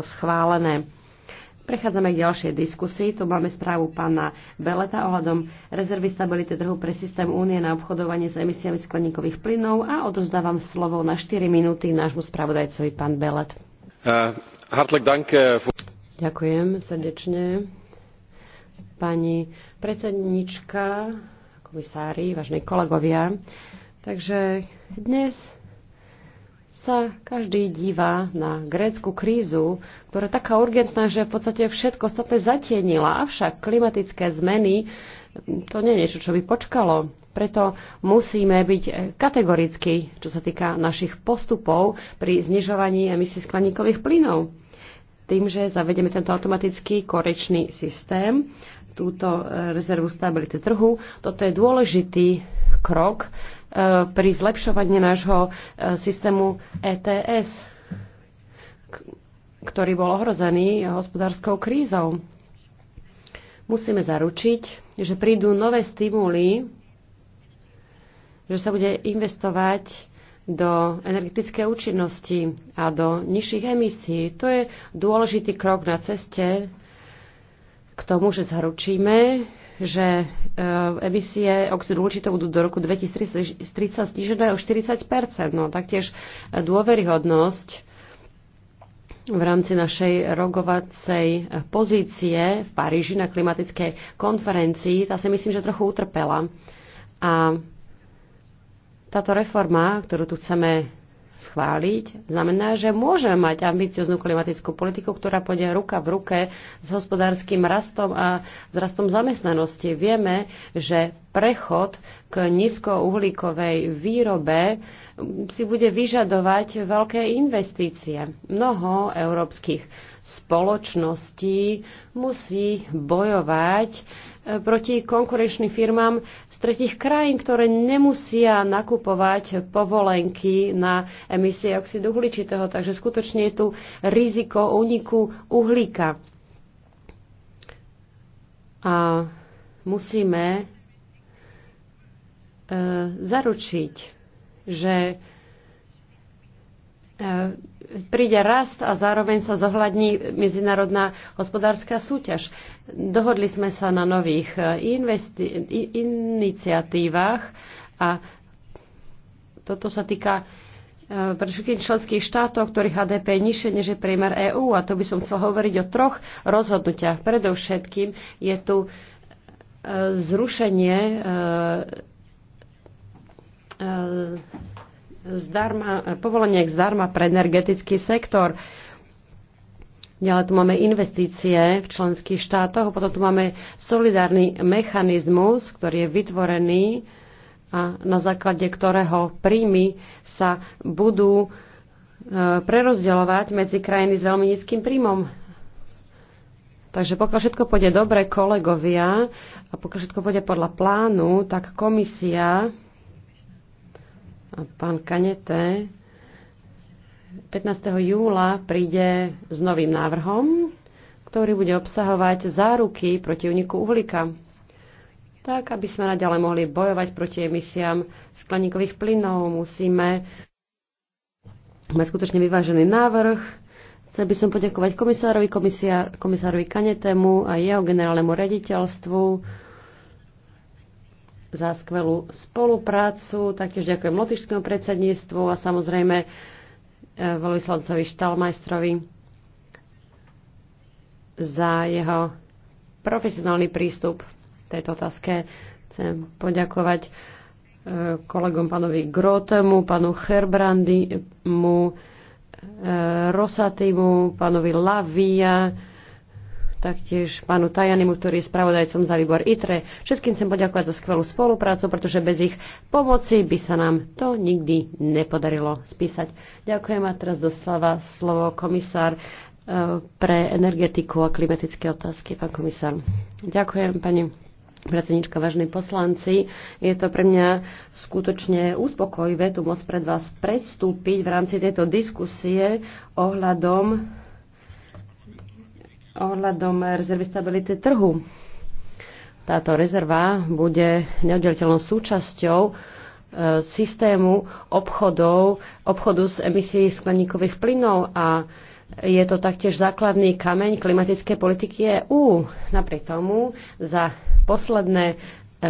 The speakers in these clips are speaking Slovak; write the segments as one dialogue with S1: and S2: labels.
S1: schválené. Prechádzame k ďalšej diskusii. Tu máme správu pána Beleta ohľadom rezervy stability trhu pre systém únie na obchodovanie s emisiami skleníkových plynov a odozdávam slovo na 4 minúty nášmu spravodajcovi pán Belet. Uh, eh, danke. Eh, Ďakujem srdečne. Pani predsednička, komisári, vážne kolegovia. Takže dnes sa každý divá na grécku krízu, ktorá je taká urgentná, že v podstate všetko stope zatienila. Avšak klimatické zmeny to nie je niečo, čo by počkalo. Preto musíme byť kategorickí, čo sa týka našich postupov pri znižovaní emisí skleníkových plynov. Tým, že zavedeme tento automatický korečný systém, túto rezervu stability trhu, toto je dôležitý krok, Eh, pri zlepšovaní nášho eh, systému ETS, ktorý bol ohrozený hospodárskou krízou. Musíme zaručiť, že prídu nové stimuly, že sa bude investovať do energetické účinnosti a do nižších emisí. To je dôležitý krok na ceste k tomu, že zaručíme, že e, emisie oxidu uhličitého budú do roku 2030 znižené o 40 No taktiež e, dôveryhodnosť v rámci našej rogovacej e, pozície v Paríži na klimatickej konferencii, tá si myslím, že trochu utrpela. A táto reforma, ktorú tu chceme schváliť, znamená, že môže mať ambicioznú klimatickú politiku, ktorá pôjde ruka v ruke s hospodárským rastom a s rastom zamestnanosti. Vieme, že prechod k nízkouhlíkovej výrobe mm, si bude vyžadovať veľké investície. Mnoho európskych spoločností musí bojovať E, proti konkurenčným firmám z tretich krajín, ktoré nemusia nakupovať povolenky na emisie oxidu uhličitého. Takže skutočne je tu riziko úniku uhlíka. A musíme e, zaručiť, že E, príde rast a zároveň sa zohľadní medzinárodná hospodárska súťaž. Dohodli sme sa na nových e, investi- iniciatívach a toto sa týka e, pre všetkých členských štátov, ktorých HDP je nižšie než je priemer EÚ. A to by som chcel hovoriť o troch rozhodnutiach. Predovšetkým je tu zrušenie zdarma, k zdarma pre energetický sektor. Ďalej tu máme investície v členských štátoch, potom tu máme solidárny mechanizmus, ktorý je vytvorený a na základe ktorého príjmy sa budú e, prerozdeľovať medzi krajiny s veľmi nízkym príjmom. Takže pokiaľ všetko pôjde dobre kolegovia a pokiaľ všetko pôjde podľa plánu, tak komisia Pán Kanete 15. júla príde s novým návrhom, ktorý bude obsahovať záruky proti uniku uhlíka, tak aby sme naďalej mohli bojovať proti emisiám skleníkových plynov. Musíme mať skutočne vyvážený návrh. Chcel by som poďakovať komisárovi, komisárovi Kanetému a jeho generálnemu rediteľstvu za skvelú spoluprácu. Taktiež ďakujem Lotyšskému predsedníctvu a samozrejme eh, volislavcovi Štalmajstrovi za jeho profesionálny prístup v tejto otázke. Chcem poďakovať eh, kolegom pánovi Grotemu, pánu Herbrandimu, eh, Rosatimu, pánovi Lavia, taktiež pánu Tajanimu, ktorý je spravodajcom za výbor ITRE. Všetkým chcem poďakovať za skvelú spoluprácu, pretože bez ich pomoci by sa nám to nikdy nepodarilo spísať. Ďakujem a teraz doslova slovo komisár e, pre energetiku a klimatické otázky, pán komisár. Ďakujem, pani predsednička, vážení poslanci. Je to pre mňa skutočne uspokojivé tu môcť pred vás predstúpiť v rámci tejto diskusie ohľadom ohľadom rezervy stability trhu. Táto rezerva bude neoddeliteľnou súčasťou e, systému obchodov, obchodu s emisí skleníkových plynov a je to taktiež základný kameň klimatickej politiky EÚ. Napriek tomu za posledné e,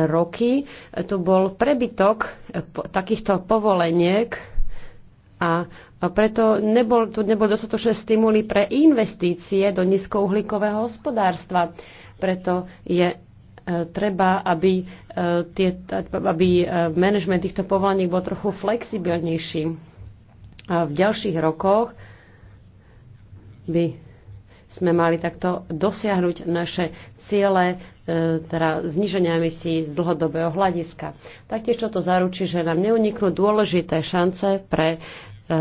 S1: roky tu bol prebytok e, takýchto povoleniek a preto nebol, tu nebol dostatočné stimuly pre investície do nízkouhlíkového hospodárstva. Preto je e, treba, aby, e, tie, aby e, management týchto povolaní bol trochu flexibilnejší. A v ďalších rokoch by sme mali takto dosiahnuť naše ciele, teda zniženia emisí z dlhodobého hľadiska. Taktiež toto zaručí, že nám neuniknú dôležité šance pre Eh,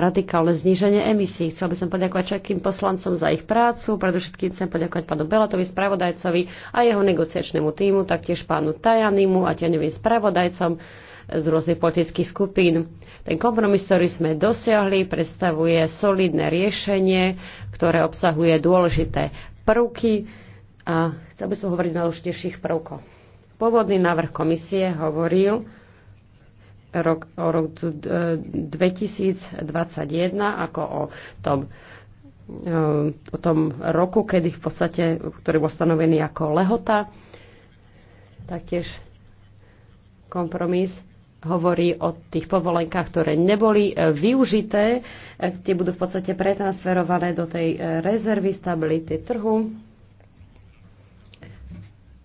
S1: radikálne zníženie emisí. Chcel by som poďakovať všetkým poslancom za ich prácu, predovšetkým chcem poďakovať pánu Belatovi, spravodajcovi a jeho negociačnému týmu, taktiež pánu Tajanimu a tieňovým spravodajcom z rôznych politických skupín. Ten kompromis, ktorý sme dosiahli, predstavuje solidné riešenie, ktoré obsahuje dôležité prvky a chcel by som hovoriť na najdôležitejších prvkoch. Pôvodný návrh komisie hovoril, rok, o roku 2021 e, ako o tom, e, o tom roku, kedy v podstate, ktorý bol stanovený ako lehota. Taktiež kompromis hovorí o tých povolenkách, ktoré neboli e, využité. Tie budú v podstate pretransferované do tej rezervy stability trhu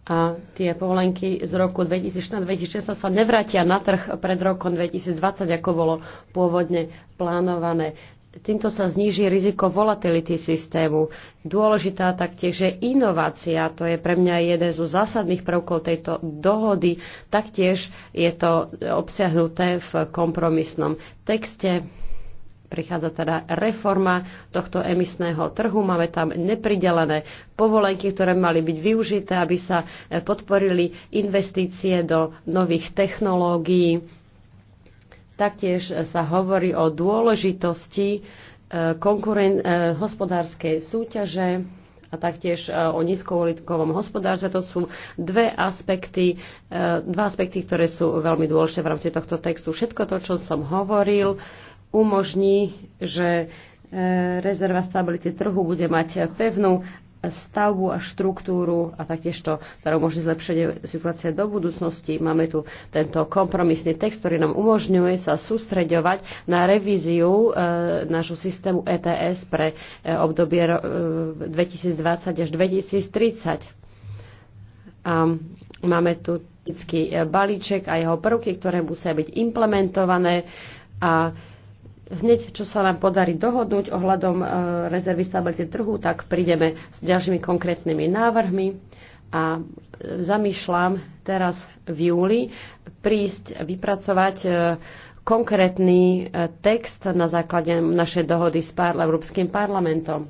S1: a tie povolenky z roku 2014-2016 sa nevrátia na trh pred rokom 2020, ako bolo pôvodne plánované. Týmto sa zníži riziko volatility systému. Dôležitá taktiež je inovácia, to je pre mňa jeden zo zásadných prvkov tejto dohody, taktiež je to obsiahnuté v kompromisnom texte prichádza teda reforma tohto emisného trhu. Máme tam nepridelené povolenky, ktoré mali byť využité, aby sa e, podporili investície do nových technológií. Taktiež e, sa hovorí o dôležitosti e, konkuren- hospodárskej súťaže a taktiež o nízkouhlíkovom hospodárstve. To sú dve aspekty, dva aspekty, ktoré sú veľmi dôležité v rámci tohto textu. Všetko to, čo som hovoril, umožní, že e, rezerva stability trhu bude mať pevnú stavbu a štruktúru a taktiež to, ktorá umožní zlepšenie situácie do budúcnosti. Máme tu tento kompromisný text, ktorý nám umožňuje sa sústreďovať na revíziu e, nášho systému ETS pre e, obdobie e, 2020 až 2030. A máme tu e, balíček a jeho prvky, ktoré musia byť implementované a e, hneď, čo sa nám podarí dohodnúť ohľadom e, rezervy stability trhu, tak prídeme s ďalšími konkrétnymi návrhmi a e, zamýšľam teraz v júli prísť vypracovať e, konkrétny text na základe našej dohody s Európskym parlamentom.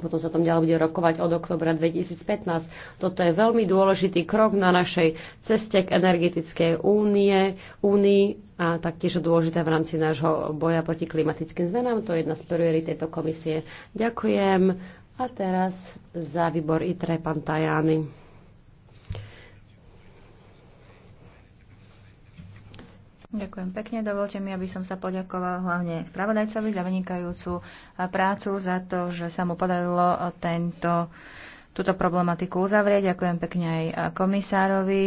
S1: Potom sa tom ďalej bude rokovať od oktobra 2015. Toto je veľmi dôležitý krok na našej ceste k energetickej únie, únii a taktiež dôležité v rámci nášho boja proti klimatickým zmenám. To je jedna z priorít tejto komisie. Ďakujem. A teraz za výbor ITRE pán Tajány.
S2: Ďakujem pekne. Dovolte mi, aby som sa poďakoval hlavne spravodajcovi za vynikajúcu e, prácu, za to, že sa mu podarilo e, tento, túto problematiku uzavrieť. Ďakujem pekne aj e, komisárovi.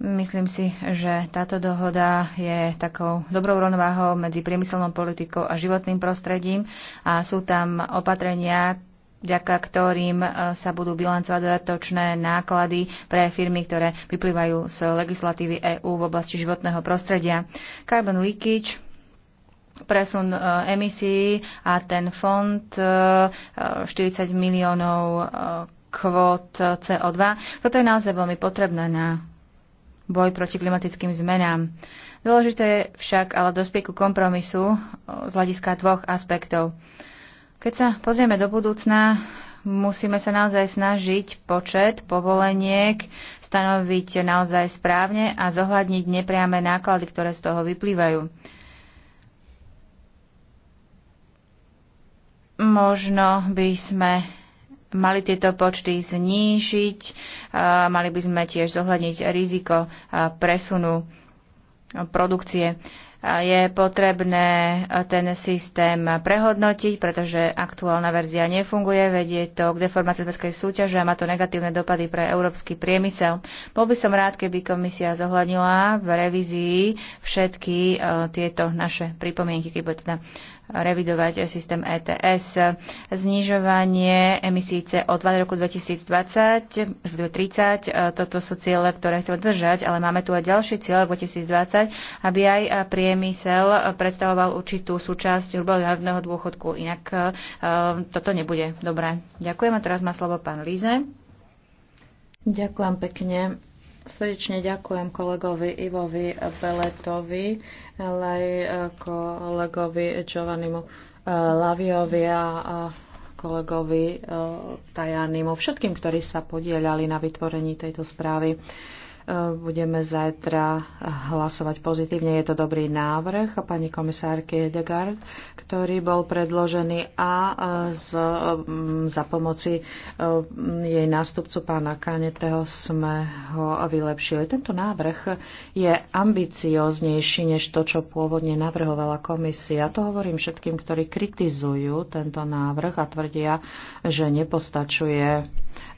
S2: Myslím si, že táto dohoda je takou dobrou rovnováhou medzi priemyselnou politikou a životným prostredím a sú tam opatrenia, vďaka ktorým e, sa budú bilancovať dodatočné náklady pre firmy, ktoré vyplývajú z legislatívy EÚ v oblasti životného prostredia. Carbon leakage presun e, emisí a ten fond 40 e, miliónov kvót CO2. Toto je naozaj veľmi potrebné na boj proti klimatickým zmenám. Dôležité je však ale dospieť ku kompromisu z hľadiska dvoch aspektov. Keď sa pozrieme do budúcna, musíme sa naozaj snažiť počet povoleniek stanoviť naozaj správne a zohľadniť nepriame náklady, ktoré z toho vyplývajú. Možno by sme mali tieto počty znížiť, mali by sme tiež zohľadniť riziko presunu produkcie je potrebné eh, ten systém prehodnotiť, pretože aktuálna verzia nefunguje, vedie to k deformácii svetovskej súťaže a má to negatívne dopady pre európsky priemysel. Bol by som rád, keby komisia zohľadnila v revízii všetky eh, tieto naše pripomienky, keď bude teda revidovať systém ETS. Znižovanie emisí CO2 do roku 2020, 2030, e, toto sú ciele, ktoré chceme držať, ale máme tu aj ďalší cieľ 2020, aby aj priemysel predstavoval určitú súčasť hrubého hľadného dôchodku. Inak e, toto nebude dobré. Ďakujem a teraz má slovo pán Líze.
S3: Ďakujem pekne. Srdečne ďakujem kolegovi Ivovi Beletovi, ale aj kolegovi Giovannimu eh, Laviovi a kolegovi eh, Tajanimu, všetkým, ktorí sa podielali na vytvorení tejto správy. Budeme zajtra hlasovať pozitívne. Je to dobrý návrh pani komisárky Edegard, ktorý bol predložený a e, z, za pomoci e, jej nástupcu pána Kaneteho sme ho vylepšili. Tento návrh je ambicioznejší než to, čo pôvodne navrhovala komisia. To hovorím všetkým, ktorí kritizujú tento návrh a tvrdia, že nepostačuje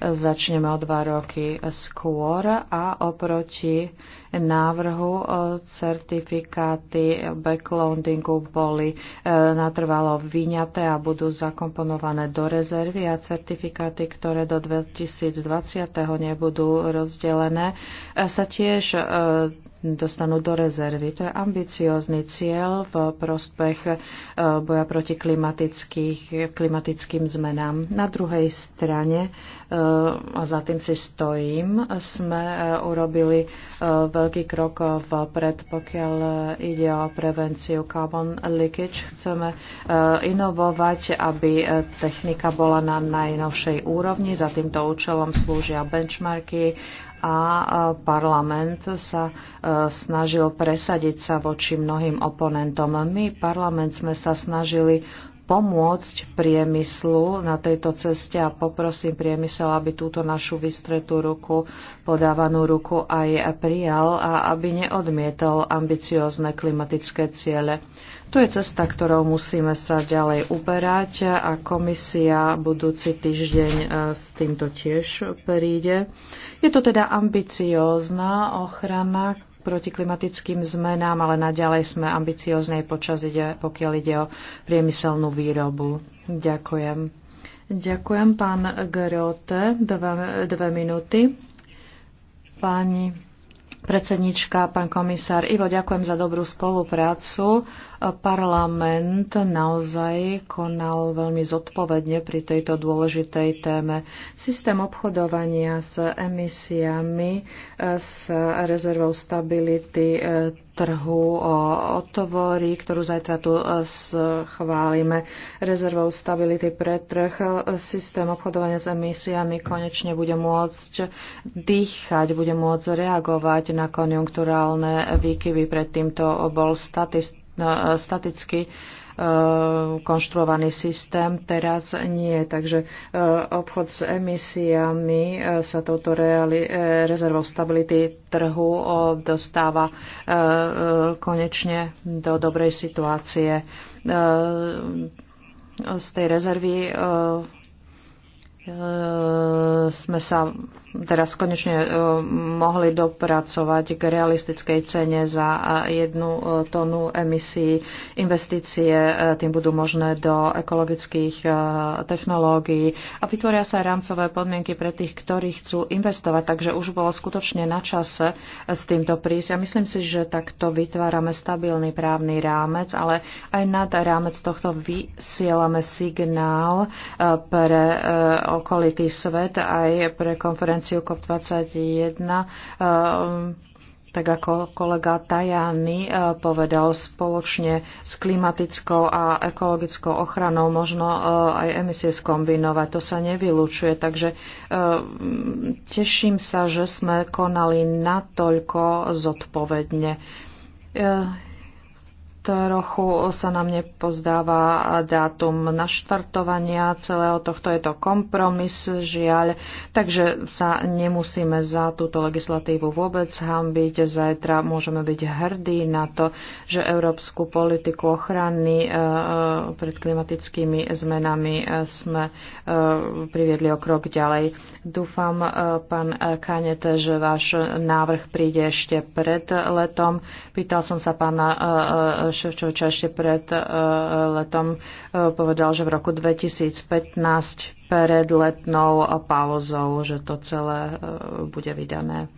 S3: začneme o dva roky skôr a oproti návrhu e, certifikáty backloadingu boli e, natrvalo vyňaté a budú zakomponované do rezervy a certifikáty, ktoré do 2020. nebudú rozdelené, e, sa tiež dostanú do rezervy. To je ambiciózny cieľ v prospech e, boja proti klimatickým zmenám. Na druhej strane, e, a za tým si stojím, sme e, urobili veľký krok vpred, pokiaľ ide o prevenciu carbon leakage. Chceme inovovať, aby technika bola na najnovšej úrovni. Za týmto účelom slúžia benchmarky, a parlament sa e, snažil presadiť sa voči mnohým oponentom. My, parlament, sme sa snažili pomôcť priemyslu na tejto ceste a poprosím priemysel, aby túto našu vystretú ruku, podávanú ruku aj prijal a aby neodmietol ambiciozne klimatické ciele. To je cesta, ktorou musíme sa ďalej uberať a komisia budúci týždeň e, s týmto tiež príde. Je to teda ambiciózna ochrana proti klimatickým zmenám, ale naďalej sme ambicioznej počas ide, pokiaľ ide o priemyselnú výrobu. Ďakujem. Ďakujem, pán Grote. Dve, dve minúty. Páni predsednička, pán komisár Ivo, ďakujem za dobrú spoluprácu Parlament naozaj konal veľmi zodpovedne pri tejto dôležitej téme. Systém obchodovania s emisiami s rezervou stability e, trhu otvorí, ktorú zajtra tu e, schválime. Rezervou stability pre trh e, systém obchodovania s emisiami konečne bude môcť dýchať, bude môcť reagovať na konjunkturálne výkyvy. Predtým to bol statistik E, staticky e, konštruovaný systém, teraz nie. Takže e, obchod s emisiami sa touto reali- rezervou stability trhu dostáva konečne do dobrej situácie. Z tej rezervy sme sa teraz konečne e, mohli dopracovať k realistickej cene za e, jednu e, tonu emisí. Investície tým budú možné do ekologických technológií a vytvoria sa rámcové podmienky pre tých, ktorí chcú investovať. Takže už bolo skutočne na čase s týmto prísť. Ja myslím si, že takto vytvárame stabilný právny rámec, ale aj nad rámec tohto vysielame signál pre okolitý svet aj pre konferenciu konferenciu COP21 eh, tak ako kolega Tajani eh, povedal, spoločne s klimatickou a ekologickou ochranou možno eh, aj emisie skombinovať. To sa nevylučuje, takže teším sa, že sme konali natoľko zodpovedne trochu sa nám nepozdáva dátum naštartovania celého tohto. Je to kompromis, žiaľ. Takže sa nemusíme za túto legislatívu vôbec hambiť. Zajtra môžeme byť hrdí na to, že európsku politiku ochrany e, e, pred klimatickými zmenami e, sme priviedli o krok ďalej. Dúfam, pán Kanete, že váš návrh príde ešte pred letom. Pýtal som sa pána čo ešte pred e, letom e, povedal, že v roku 2015 pred letnou pauzou, že to celé e, bude vydané.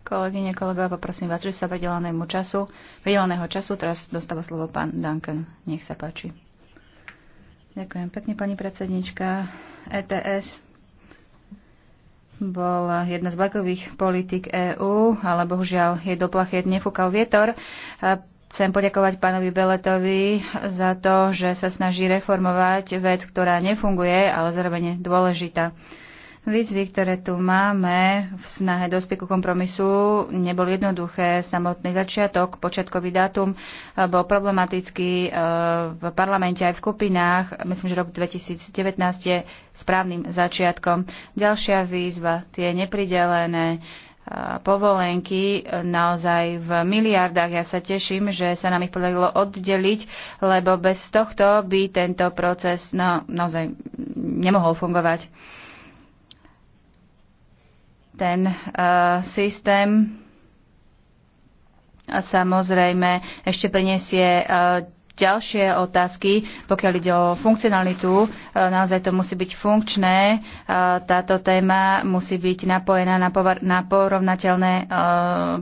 S2: Kolegyne, kolegovia, poprosím vás, že sa predelanému času, predelaného času teraz dostáva slovo pán Duncan. Nech sa páči. Ďakujem pekne, pani predsednička. ETS bol jedna z vlakových politik EÚ, ale bohužiaľ jej do nefúkal vietor. Chcem poďakovať pánovi Beletovi za to, že sa snaží reformovať vec, ktorá nefunguje, ale zároveň je dôležitá. Výzvy, ktoré tu máme v snahe dospieť ku kompromisu, nebol jednoduché. Samotný začiatok, počiatkový dátum eh, bol problematický eh, v parlamente aj v skupinách. Myslím, že rok 2019 je správnym začiatkom. Ďalšia výzva, tie nepridelené povolenky e, naozaj v miliardách. Ja sa teším, že sa nám ich podarilo oddeliť, lebo bez tohto by tento proces no, naozaj nemohol fungovať. Ten uh, systém samozrejme ešte prinesie uh, ďalšie otázky, pokiaľ ide o funkcionalitu. E, naozaj to musí byť funkčné. E, táto téma musí byť napojená na porovnateľné e,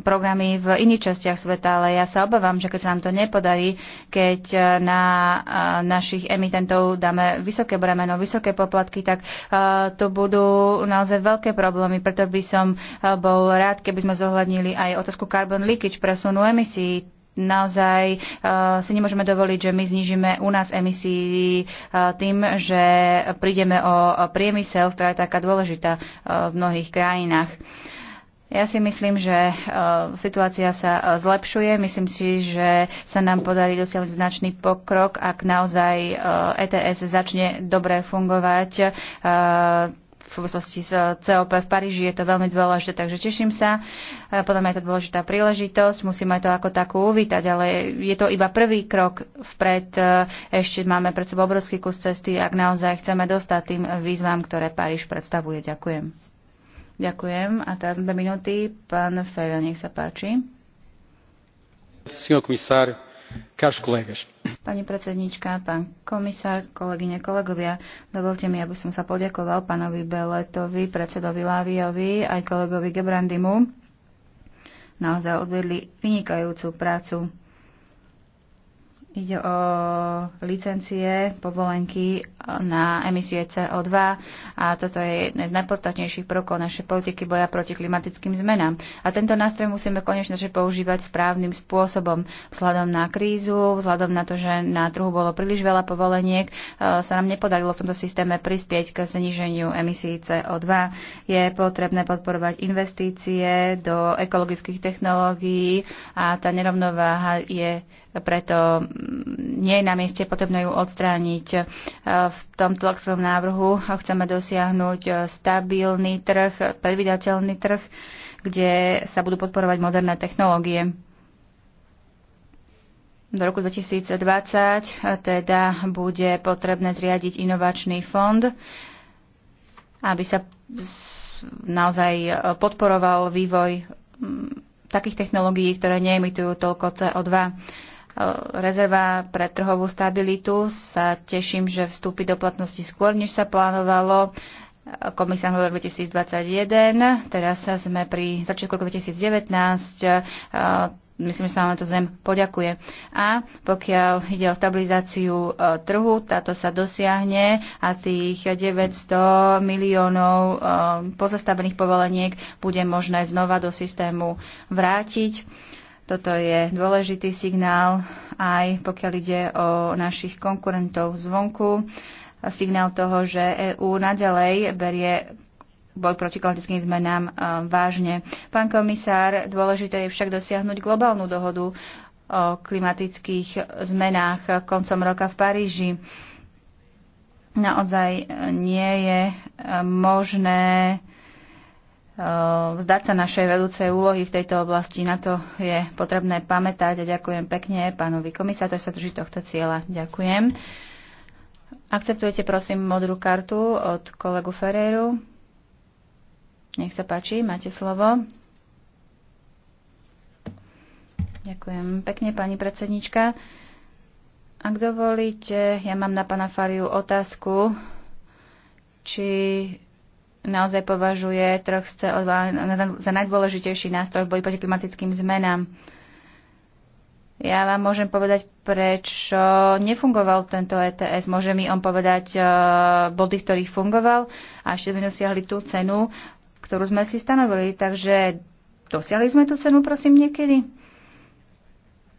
S2: programy v iných častiach sveta, ale ja sa obávam, že keď sa nám to nepodarí, keď na našich emitentov dáme vysoké bremeno, vysoké poplatky, tak to budú naozaj veľké problémy. Preto by som bol rád, keby sme zohľadnili aj otázku carbon leakage, presunu emisí naozaj eh, si nemôžeme dovoliť, že my znižíme u nás emisí eh, tým, že prídeme o priemysel, ktorá je taká dôležitá eh, v mnohých krajinách. Ja si myslím, že situácia sa zlepšuje. Myslím si, že sa nám podarí dosiahnuť značný pokrok, ak naozaj ETS e začne dobre fungovať v súvislosti s COP v Paríži je to veľmi dôležité, takže teším sa. Podľa mňa je to dôležitá príležitosť, musíme to ako takú uvítať, ale je to iba prvý krok vpred. E, Ešte máme pred sebou obrovský kus cesty, ak naozaj chceme dostať tým výzvam, ktoré Paríž predstavuje. Ďakujem. Ďakujem. A teraz dve minúty. Pán Ferel, nech sa páči.
S1: Signor komisár,
S2: Pani predsednička, pán komisár, kolegyne, kolegovia, dovolte mi, aby som sa poďakoval pánovi Beletovi, predsedovi Láviovi, aj kolegovi Gebrandimu. Naozaj odvedli vynikajúcu prácu. Ide o licencie, povolenky na emisie CO2 a toto je jedné z najpodstatnejších prvkov našej politiky boja proti klimatickým zmenám. A tento nástroj musíme konečne že používať správnym spôsobom. Vzhľadom na krízu, vzhľadom na to, že na trhu bolo príliš veľa povoleniek, e, sa nám nepodarilo v tomto systéme prispieť k zníženiu emisí CO2. Je potrebné podporovať investície do ekologických technológií a tá nerovnováha je preto nie je na mieste, potrebné ju odstrániť. E, v tomto legislatívom návrhu chceme dosiahnuť e, stabilný trh, predvydateľný trh, kde sa budú podporovať moderné technológie. Do roku 2020 e, teda bude potrebné zriadiť inovačný fond, aby sa naozaj podporoval vývoj takých technológií, ktoré neemitujú toľko CO2 rezerva pre trhovú stabilitu sa teším, že vstúpi do platnosti skôr, než sa plánovalo. Komisia hovoril 2021, teraz sme pri začiatku roku 2019 myslím, že sa vám na to zem poďakuje. A pokiaľ ide o stabilizáciu trhu, táto sa dosiahne a tých 900 miliónov pozastavených povoleniek bude možné znova do systému vrátiť toto je dôležitý signál aj pokiaľ ide o našich konkurentov zvonku. Signál toho, že EÚ naďalej berie boj proti klimatickým zmenám e, vážne. Pán komisár, dôležité je však dosiahnuť globálnu dohodu o klimatických zmenách koncom roka v Paríži. Naozaj e, nie je e, možné Eh, vzdať sa našej vedúcej úlohy v tejto oblasti. Na to je potrebné pamätať a ďakujem pekne pánovi komisátor sa drží tohto cieľa. Ďakujem. Akceptujete prosím modrú kartu od kolegu Ferreru. Nech sa páči, máte slovo. Ďakujem pekne, pani predsednička. Ak dovolíte, ja mám na pana Fariu otázku, či naozaj považuje trh z CO2 za najdôležitejší nástroj v boji proti klimatickým zmenám. Ja vám môžem povedať, prečo nefungoval tento ETS. Môže mi on povedať e, body, ktorých fungoval a ešte sme dosiahli tú cenu, ktorú sme si stanovili. Takže dosiahli sme tú cenu, prosím, niekedy?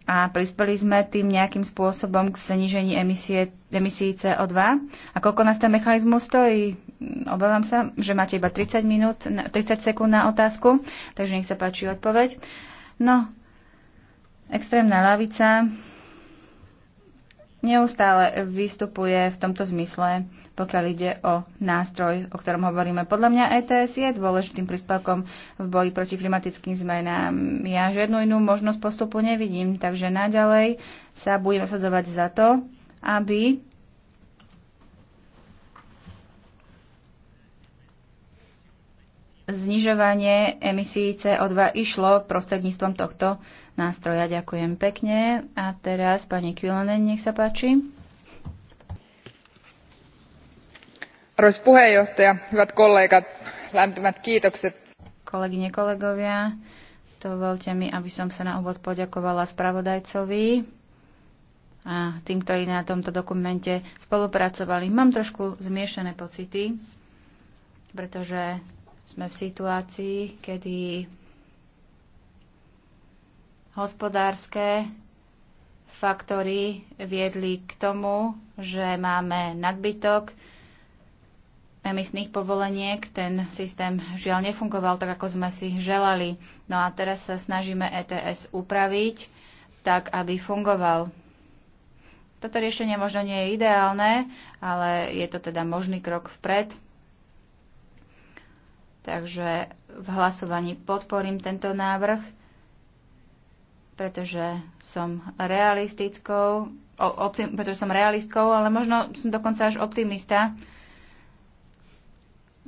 S2: A prispeli sme tým nejakým spôsobom k znižení emisie, emisí CO2? A koľko nás ten mechanizmus stojí? Obávam sa, že máte iba 30, minút, 30 sekúnd na otázku, takže nech sa páči odpoveď. No, extrémna lavica neustále vystupuje v tomto zmysle, pokiaľ ide o nástroj, o ktorom hovoríme. Podľa mňa ETS je dôležitým príspevkom v boji proti klimatickým zmenám. Ja žiadnu inú možnosť postupu nevidím, takže naďalej sa budem sadzovať za to, aby znižovanie emisí CO2 išlo prostredníctvom tohto nástroja. Ďakujem pekne. A teraz pani Kilonen, nech sa páči. Arvoisa puheenjohtaja, hyvät kollegat, lämpimät kiitokset. Kolegyne, kolegovia, dovolte mi, aby som sa na úvod poďakovala spravodajcovi a tým, ktorí na tomto dokumente spolupracovali. Mám trošku zmiešané pocity, pretože sme v situácii, kedy hospodárske faktory viedli k tomu, že máme nadbytok emisných povoleniek. Ten systém žiaľ nefungoval tak, ako sme si želali. No a teraz sa snažíme ETS upraviť tak, aby fungoval. Toto riešenie možno nie je ideálne, ale je to teda možný krok vpred. Takže v hlasovaní podporím tento návrh, pretože som realistickou, optim, pretože som realistkou, ale možno som dokonca až optimista.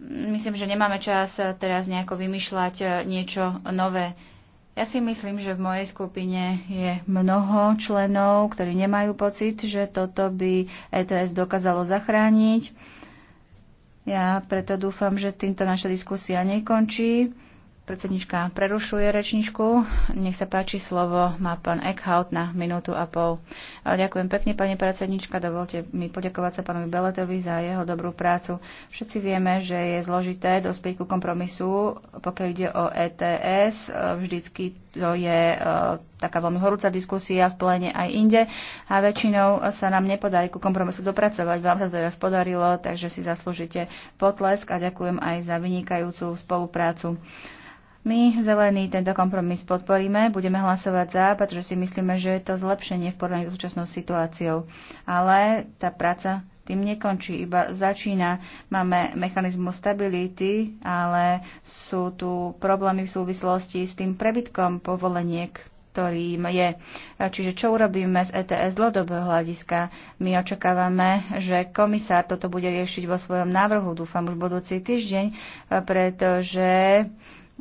S2: Myslím, že nemáme čas teraz nejako vymýšľať e, niečo nové. Ja si myslím, že v mojej skupine je mnoho členov, ktorí nemajú pocit, že toto by ETS dokázalo zachrániť ja preto dúfam, že týmto naša diskusia nekončí. Predsednička prerušuje rečničku. Nech sa páči, slovo má pán Eckhout na minútu a pol. Ďakujem pekne, pani predsednička. Dovolte mi poďakovať sa pánovi Beletovi za jeho dobrú prácu. Všetci vieme, že je zložité dospieť ku kompromisu, pokiaľ ide o ETS. Vždycky to je e, taká veľmi horúca diskusia v plene aj inde a väčšinou sa nám nepodarí ku kompromisu dopracovať. Vám sa teraz podarilo, takže si zaslúžite potlesk a ďakujem aj za vynikajúcu spoluprácu. My, zelení, tento kompromis podporíme, budeme hlasovať za, pretože si myslíme, že je to zlepšenie v porovnaní s súčasnou situáciou. Ale tá práca tým nekončí, iba začína. Máme mechanizmus stability, ale sú tu problémy v súvislosti s tým prebytkom povoleniek, ktorým je. Čiže čo urobíme z ETS dlhodobého hľadiska? My očakávame, že komisár toto bude riešiť vo svojom návrhu, dúfam už budúci týždeň, pretože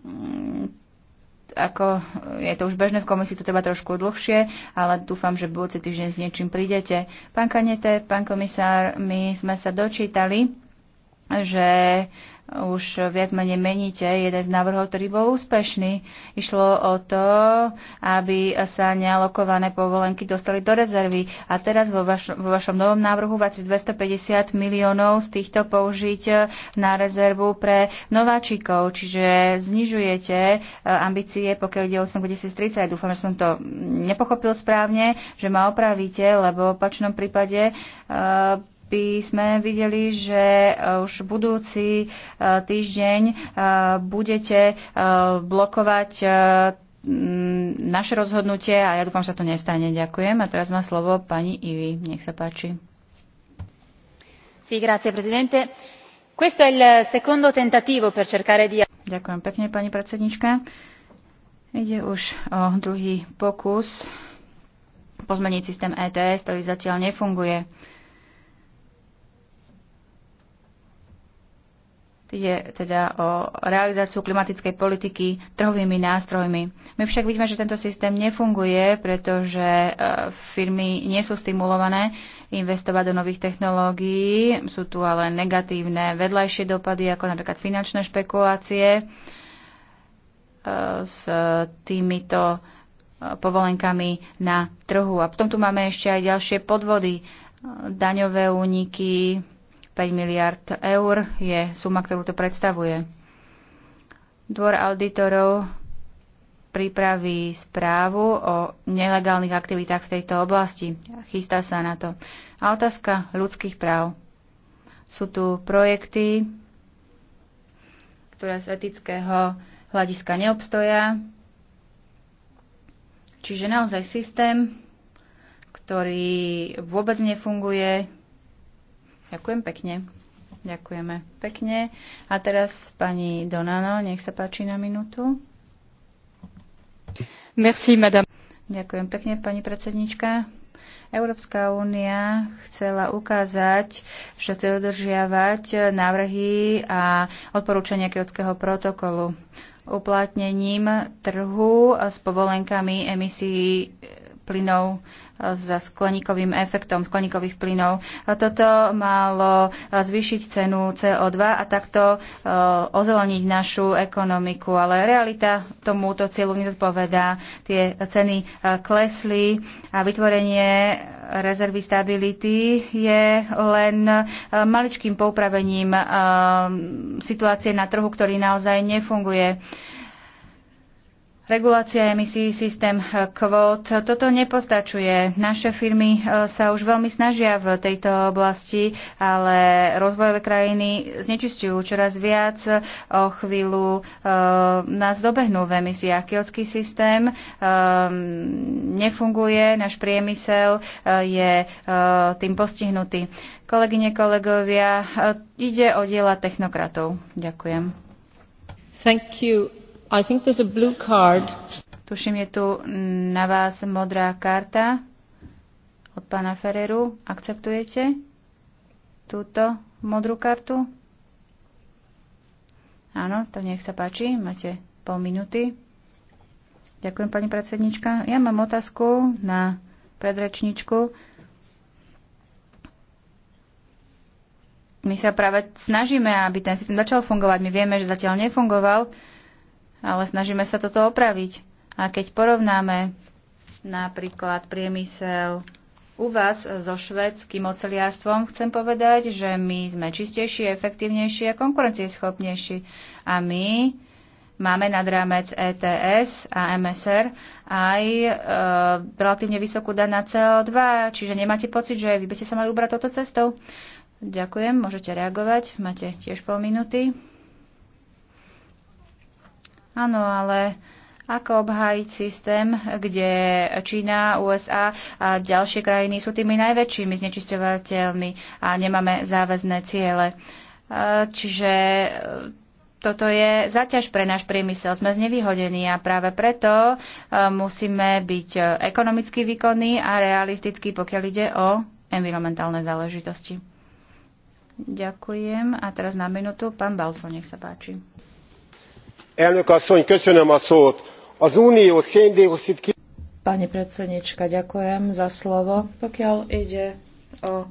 S2: mm, ako je to už bežné v komisii, to treba trošku dlhšie, ale dúfam, že budúci týždeň s niečím prídete. Pán Kanete, pán komisár, my sme sa dočítali, že už viac menej meníte jeden z návrhov, ktorý bol úspešný. Išlo o to, aby sa nealokované povolenky dostali do rezervy. A teraz vo, vaš- vo vašom novom návrhu 250 miliónov z týchto použiť e, na rezervu pre nováčikov, čiže znižujete e, ambície, pokiaľ ide o 2030. Dúfam, že som to nepochopil správne, že ma opravíte, lebo v opačnom prípade uh, by sme videli, že e, už budúci e, týždeň e, budete blokovať naše rozhodnutie a ja dúfam, že sa to nestane. Ďakujem. A teraz má slovo pani Ivi. Nech sa páči. Sí, grazie, presidente. Questo è il secondo tentativo per cercare di... Ďakujem pekne, pani predsednička. Ide už o druhý pokus pozmeniť systém ETS, ktorý zatiaľ nefunguje. Ide teda o realizáciu klimatickej politiky trhovými nástrojmi. My však vidíme, že tento systém nefunguje, pretože e, firmy nie sú stimulované investovať do nových technológií. Sú tu ale negatívne vedľajšie dopady, ako napríklad finančné špekulácie e, s týmito e, povolenkami na trhu. A potom tu máme ešte aj ďalšie podvody, daňové úniky, 5 miliard eur je suma, ktorú to predstavuje. Dvor auditorov pripraví správu o nelegálnych aktivitách v tejto oblasti. Chystá sa na to. A otázka ľudských práv. Sú tu projekty, ktoré z etického hľadiska neobstoja. Čiže naozaj systém, ktorý vôbec nefunguje, Ďakujem pekne. Ďakujeme pekne. A teraz pani Donano, nech sa páči na minútu. Merci, madame. Ďakujem pekne, pani predsednička. Európska únia chcela ukázať, že chce dodržiavať návrhy a odporúčania Kyotského protokolu uplatnením trhu s povolenkami emisí plynov e, za skleníkovým efektom skleníkových plynov. Toto malo e, zvýšiť cenu CO2 a takto e, ozeleniť našu ekonomiku, ale realita tomuto cieľu nezodpovedá. Tie ceny klesli a vytvorenie rezervy stability je len maličkým poupravením situácie na trhu, ktorý naozaj nefunguje regulácia emisí, systém eh, kvót. Toto nepostačuje. Naše firmy eh, sa už veľmi snažia v tejto oblasti, ale rozvojové krajiny znečistujú čoraz viac. O chvíľu eh, nás dobehnú v emisiách. Kiotský systém ehm, nefunguje, náš priemysel je tým postihnutý. Kolegyne, kolegovia, ide o diela technokratov. Ďakujem. Thank you. I think there's a blue card. Tuším, je tu na vás modrá karta od pána Ferreru. Akceptujete túto modrú kartu? Áno, to nech sa páči. Máte pol minúty. Ďakujem, pani predsednička. Ja mám otázku na predrečničku. My sa práve snažíme, aby ten systém začal fungovať. My vieme, že zatiaľ nefungoval ale snažíme sa toto opraviť. A keď porovnáme napríklad priemysel u vás so švedským oceliárstvom, chcem povedať, že my sme čistejší, efektívnejší a konkurencieschopnejší. A my máme nad rámec ETS a MSR aj e, relatívne vysokú daň na CO2, čiže nemáte pocit, že vy by ste sa mali ubrať touto cestou? Ďakujem, môžete reagovať, máte tiež pol minúty. Áno, ale ako obhájiť systém, kde Čína, USA a ďalšie krajiny sú tými najväčšími znečisťovateľmi a nemáme záväzné ciele. E, čiže e, toto je zaťaž pre náš priemysel. Sme znevýhodení a práve preto e, musíme byť ekonomicky výkonní a realistickí, pokiaľ ide o environmentálne záležitosti. Ďakujem. A teraz na minútu pán Balco, nech sa páči
S3: elnök asszony köszönöm a szót.
S1: az unió széndioxid
S3: Pani predsednička, ďakujem
S2: za slovo.
S3: Pokiaľ ide o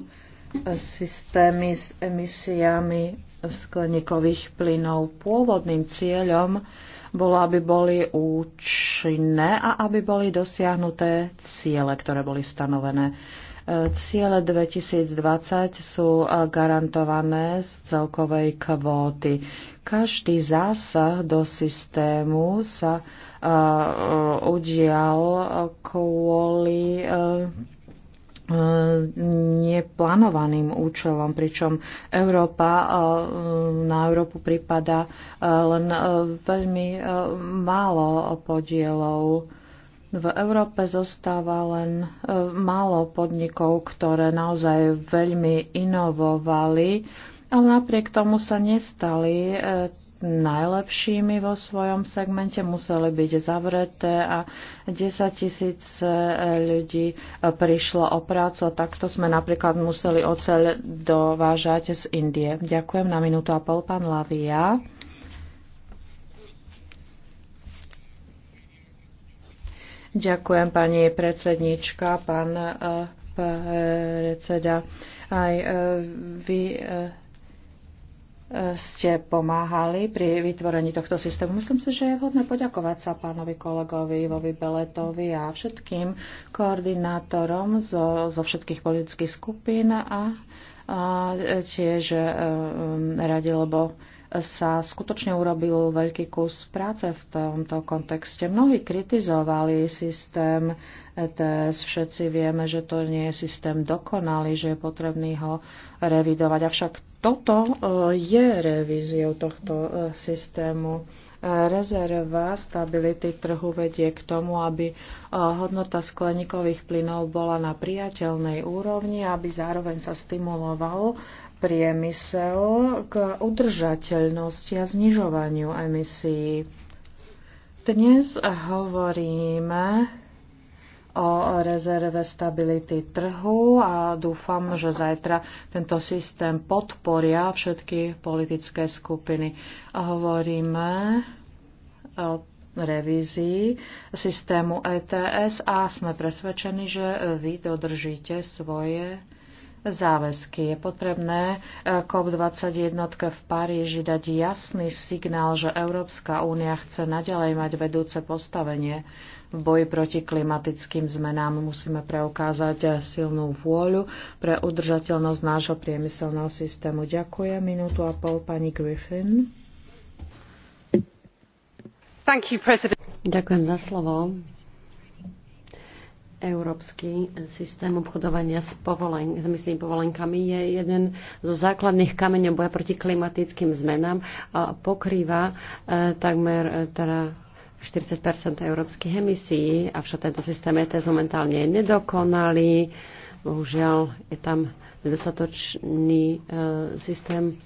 S3: systémy s emisiami skleníkových plynov, pôvodným cieľom bolo, aby boli účinné a aby boli dosiahnuté ciele, ktoré boli stanovené. E, ciele 2020 sú garantované z celkovej kvóty. Každý zásah do systému sa udial kvôli neplánovaným účelom, pričom Európa, na Európu prípada len veľmi málo podielov. V Európe zostáva len málo podnikov, ktoré naozaj veľmi inovovali ale napriek tomu sa nestali e, najlepšími vo svojom segmente, museli byť zavreté a 10 tisíc e, ľudí e, prišlo o prácu a takto sme napríklad museli oceľ dovážať z Indie. Ďakujem na minútu a pol, pán Lavia. Ďakujem, pani predsednička, pán predseda. Aj vy ste pomáhali pri vytvorení tohto systému. Myslím si, že je vhodné poďakovať sa pánovi kolegovi Ivovi Beletovi a všetkým koordinátorom zo, zo všetkých politických skupín a, a tiež um, radi, lebo sa skutočne urobil veľký kus práce v tomto kontexte. Mnohí kritizovali systém ETS, všetci vieme, že to nie je systém dokonalý, že je potrebný ho revidovať. Avšak toto e, je revíziou tohto e, systému e, rezerva stability trhu vedie k tomu, aby hodnota skleníkových plynov bola na priateľnej úrovni, aby zároveň sa stimulovalo priemysel k udržateľnosti a znižovaniu emisí. Dnes hovoríme o rezerve stability trhu a dúfam, že zajtra tento systém podporia všetky politické skupiny. Hovoríme o revízii systému ETS a sme presvedčení, že vy dodržíte svoje záväzky. Je potrebné COP21 e, v Paríži dať jasný signál, že Európska únia chce naďalej mať vedúce postavenie. V boji proti klimatickým zmenám musíme preukázať silnú vôľu pre udržateľnosť nášho priemyselného systému. Ďakujem. Minútu a pol pani Griffin.
S1: Thank you, Ďakujem za slovo. Európsky systém obchodovania s povolen- myslím, povolenkami je jeden zo základných kameňov boja proti klimatickým zmenám a pokrýva e, takmer e, teda 40 európskych emisí, avšak tento systém ETS momentálne nedokonalý. Bohužiaľ je tam nedostatočný e, systém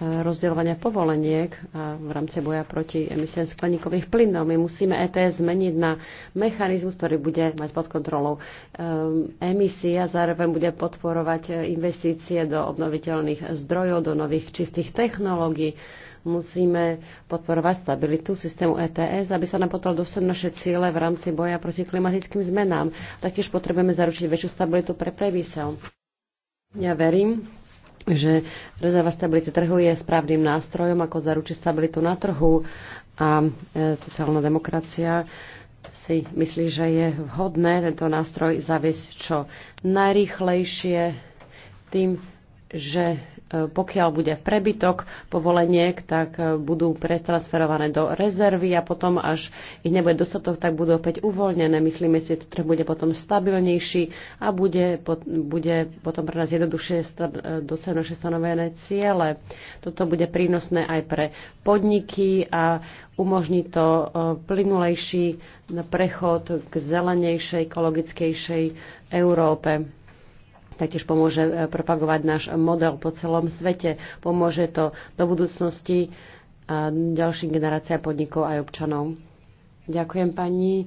S1: rozdeľovania povoleniek a v rámci boja proti emisiám skleníkových plynov. My musíme ETS zmeniť na mechanizmus, ktorý bude mať pod kontrolou ehm, emisia, zároveň bude podporovať investície do obnoviteľných zdrojov, do nových čistých technológií. Musíme podporovať stabilitu systému ETS, aby sa nám podarilo dosiahnuť naše ciele v rámci boja proti klimatickým zmenám. Taktiež potrebujeme zaručiť väčšiu stabilitu pre priemysel. Ja verím, že rezerva stability trhu je správnym nástrojom, ako zaručiť stabilitu na trhu a e, sociálna demokracia si myslí, že je vhodné tento nástroj zaviesť čo najrýchlejšie tým, že pokiaľ bude prebytok povoleniek, tak e, budú pretransferované do rezervy a potom, až ich nebude dostatok, tak budú opäť uvoľnené. Myslíme si, že trh bude potom stabilnejší a bude, bude potom pre nás jednoduchšie e, dosiahnuť stanovené ciele. Toto bude prínosné aj pre podniky a umožní to e, plynulejší prechod k zelenejšej, ekologickejšej Európe taktiež pomôže e, propagovať náš model po celom svete. Pomôže to do budúcnosti a ďalším generáciám podnikov aj občanov. Ďakujem pani e,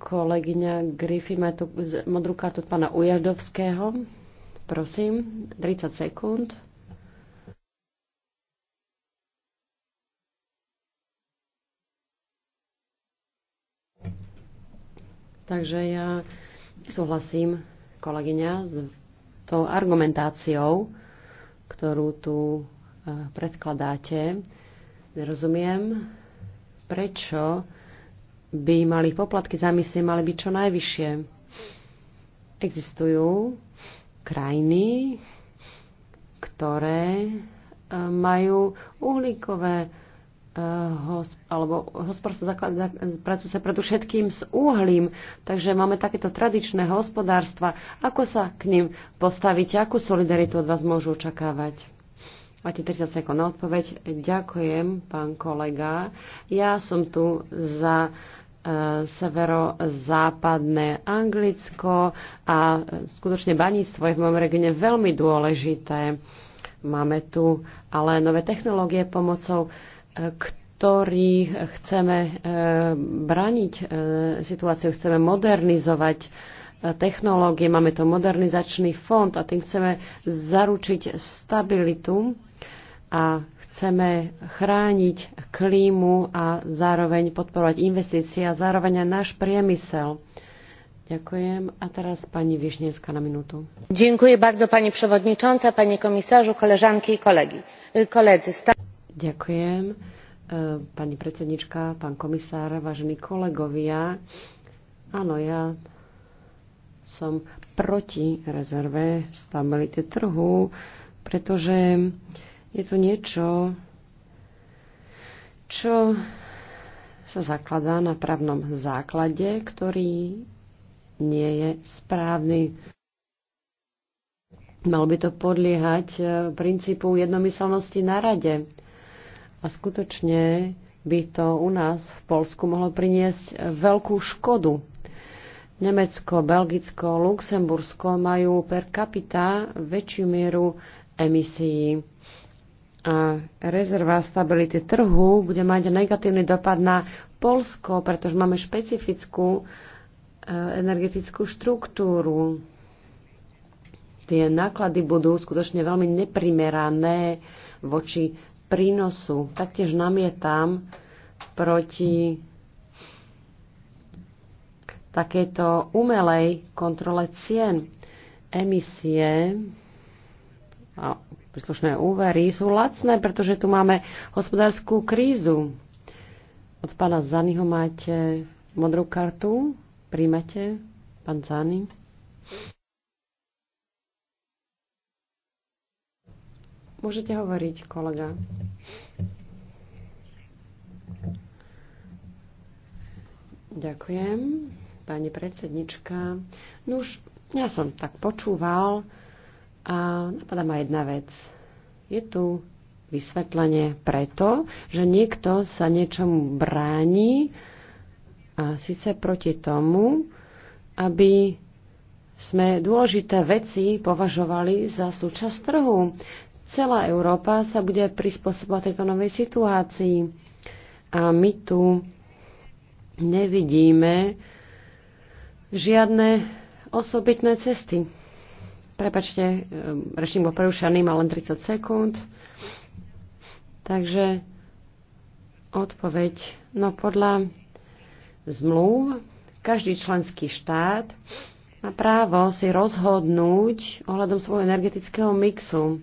S1: kolegyňa Griffy. Má tu modrú kartu od pána Ujaždovského. Prosím, 30 sekúnd. Takže ja súhlasím kolegyňa s tou argumentáciou, ktorú tu e, predkladáte. Nerozumiem, prečo by mali poplatky za misie mali byť čo najvyššie. Existujú krajiny, ktoré e, majú uhlíkové hos, alebo hospodárstvo zakladá, pracujú sa predovšetkým s uhlím, takže máme takéto tradičné hospodárstva. Ako sa k ním postavíte? Akú solidaritu od vás môžu očakávať? Máte 30 sekúnd na odpoveď. Ďakujem, pán kolega. Ja som tu za e, severozápadné Anglicko a e, skutočne baníctvo je v mojom regióne veľmi dôležité. Máme tu ale nové technológie pomocou ktorých chceme e, braniť e, situáciu, chceme modernizovať e, technológie, máme to modernizačný fond a tým chceme zaručiť stabilitu a chceme chrániť klímu a zároveň podporovať investície a zároveň aj náš priemysel. Ďakujem. A teraz pani Višnieska na minútu. Dziękuję bardzo pani przewodnicząca, panie komisarzu, koleżanki i kolegi. koledzy. Ďakujem. E, pani predsednička, pán komisár, vážení kolegovia. Áno, ja som proti rezerve stability trhu, pretože je to niečo, čo sa zakladá na právnom základe, ktorý nie je správny. Malo by to podliehať e, princípu jednomyselnosti na rade. A skutočne by to u nás v Polsku mohlo priniesť veľkú škodu. Nemecko, Belgicko, Luxembursko majú per capita väčšiu mieru emisií. A rezerva stability trhu bude mať negatívny dopad na Polsko, pretože máme špecifickú e, energetickú štruktúru. Tie náklady budú skutočne veľmi neprimerané voči prínosu. Taktiež namietam proti takéto umelej kontrole cien. Emisie a príslušné úvery sú lacné, pretože tu máme hospodárskú krízu. Od pána Zaniho máte modrú kartu. Príjmete, pán Zany? Môžete hovoriť, kolega. Ďakujem, pani predsednička. No už ja som tak počúval a napadá ma jedna vec. Je tu vysvetlenie preto, že niekto sa niečomu bráni a síce proti tomu, aby sme dôležité veci považovali za súčasť trhu celá Európa sa bude prispôsobovať tejto novej situácii. A my tu nevidíme žiadne osobitné cesty. Prepačte, ehm, rečím bol prerušený, mal len 30 sekúnd. Takže odpoveď, no podľa zmluv každý členský štát má právo si rozhodnúť ohľadom svojho energetického mixu.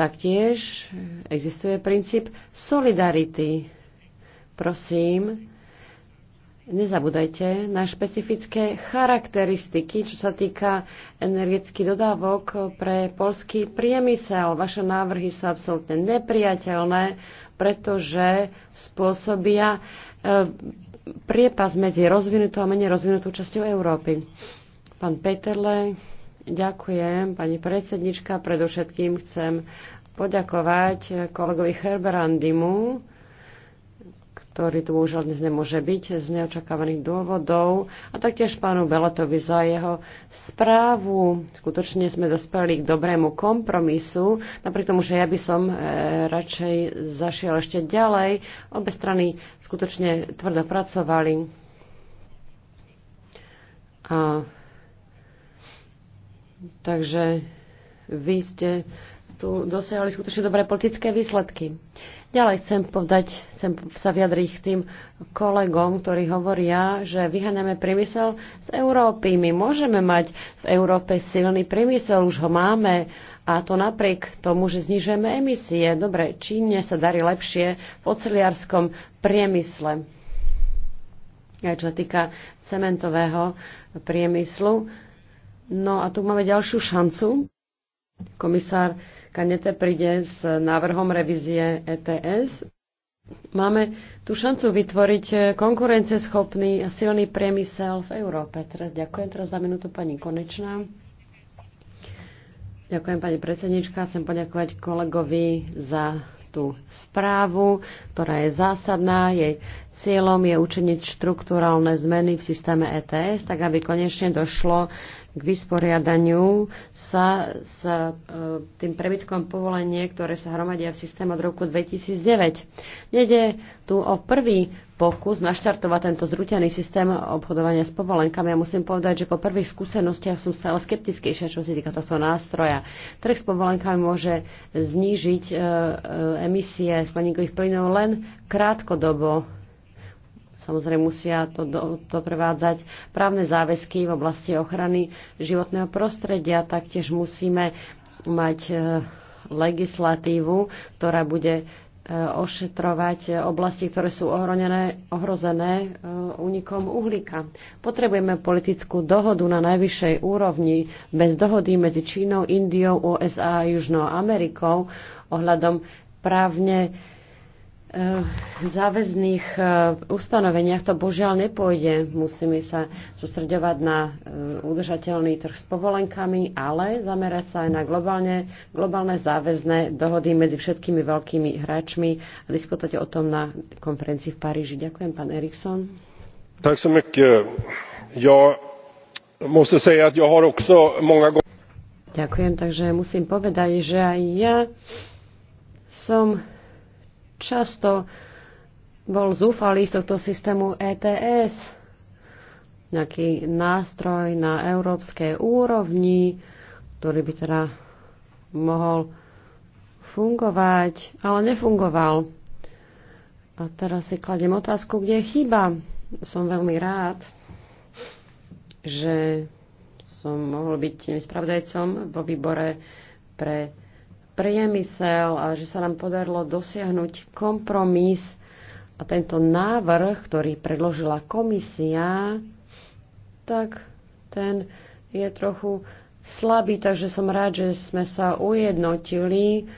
S1: Taktiež existuje princíp solidarity. Prosím, nezabúdajte na špecifické charakteristiky, čo sa týka energetických dodávok pre polský priemysel. Vaše návrhy sú absolútne nepriateľné, pretože spôsobia e, priepas medzi rozvinutou a menej rozvinutou časťou Európy. Pán Peterle, Ďakujem, pani predsednička. Predovšetkým chcem poďakovať kolegovi Herberandimu, ktorý tu už dnes nemôže byť z neočakávaných dôvodov a taktiež pánu Belatovi za jeho správu. Skutočne sme dospeli k dobrému kompromisu, napriek tomu, že ja by som e, radšej zašiel ešte ďalej. Obe strany skutočne tvrdo pracovali. A Takže vy ste tu dosiahli skutočne dobré politické výsledky. Ďalej chcem povedať, chcem sa vyjadriť k tým kolegom, ktorí hovoria, že vyhaneme priemysel z Európy. My môžeme mať v Európe silný priemysel, už ho máme a to napriek tomu, že znižujeme emisie. Dobre, Číne sa darí lepšie v oceliarskom priemysle. Aj čo sa týka cementového priemyslu, No a tu máme ďalšiu šancu. Komisár Kanete príde s návrhom revízie ETS. Máme tú šancu vytvoriť konkurenceschopný a silný priemysel v Európe. Teraz ďakujem. Teraz za minútu pani Konečná. Ďakujem pani predsednička. Chcem poďakovať kolegovi za tú správu, ktorá je zásadná. Jej Cieľom je učiniť štruktúralne zmeny v systéme ETS, tak aby konečne došlo k vysporiadaniu sa s e, tým prebytkom povolenie, ktoré sa hromadia v systéme od roku 2009. Nede tu o prvý pokus naštartovať tento zrútený systém obchodovania s povolenkami. Ja musím povedať, že po prvých skúsenostiach som stále skeptickejšia, čo sa týka tohto nástroja. Trh s povolenkami môže znížiť e, e, emisie skleníkových plynov len krátkodobo Samozrejme musia to doprevádzať právne záväzky v oblasti ochrany životného prostredia. Taktiež musíme mať e, legislatívu, ktorá bude e, ošetrovať oblasti, ktoré sú ohrozené e, únikom uhlíka. Potrebujeme politickú dohodu na najvyššej úrovni bez dohody medzi Čínou, Indiou, USA a Južnou Amerikou ohľadom právne Eh, záväzných eh, ustanoveniach to božiaľ nepôjde. Musíme sa sústredovať na eh, udržateľný trh s povolenkami, ale zamerať sa aj na globálne, globálne záväzné dohody medzi všetkými veľkými hráčmi a diskutovať o tom na konferencii v Paríži. Ďakujem, pán Eriksson.
S3: Tak som ja musím säga ja har också
S1: många Ďakujem, takže musím povedať, že aj ja som často bol zúfalý z tohto systému ETS, nejaký nástroj na európskej úrovni, ktorý by teda mohol fungovať, ale nefungoval. A teraz si kladem otázku, kde je chyba. Som veľmi rád, že som mohol byť spravodajcom vo výbore pre priemysel a že sa nám podarilo dosiahnuť kompromis a tento návrh, ktorý predložila komisia, tak ten je trochu slabý, takže som rád, že sme sa ujednotili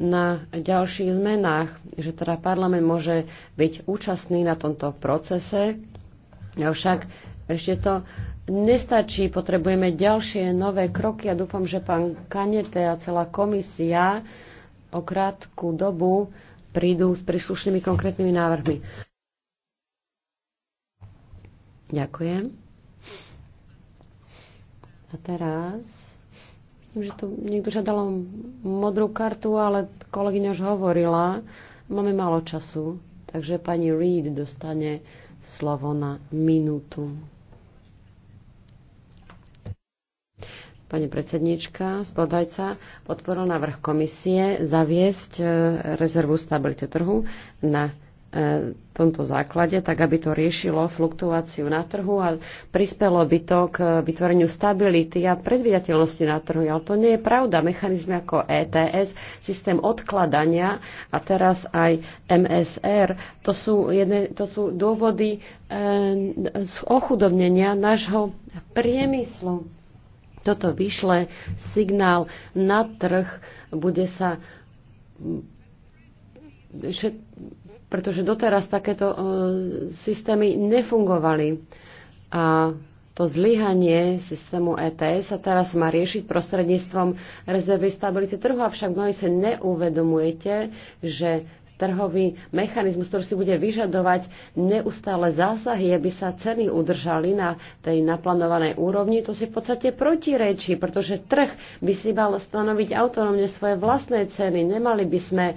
S1: na ďalších zmenách, že teda parlament môže byť účastný na tomto procese. Avšak ešte to nestačí, potrebujeme ďalšie nové kroky a dúfam, že pán Kanete a celá komisia o krátku dobu prídu s príslušnými konkrétnymi návrhmi. Ďakujem. A teraz vidím, že tu niekto žiadalo modrú kartu, ale kolegyňa už hovorila. Máme málo času, takže pani Reed dostane slovo na minútu. Pani predsednička, spodajca podporil návrh komisie zaviesť e, rezervu stability trhu na e, tomto základe, tak aby to riešilo fluktuáciu na trhu a prispelo by to k vytvoreniu stability a predvidateľnosti na trhu. Ale to nie je pravda. Mechanizmy ako ETS, systém odkladania a teraz aj MSR, to sú, jedne, to sú dôvody e, z ochudobnenia nášho priemyslu toto vyšle signál na trh, bude sa mm, pretože doteraz takéto e, systémy nefungovali. A to zlyhanie systému ETS sa teraz má riešiť prostredníctvom rezervy stability trhu, avšak mnohí si neuvedomujete, že trhový mechanizmus, ktorý si bude vyžadovať neustále zásahy, aby sa ceny udržali na tej naplánovanej úrovni, to si v podstate protirečí, pretože trh by si mal stanoviť autonómne svoje vlastné ceny. Nemali by sme e,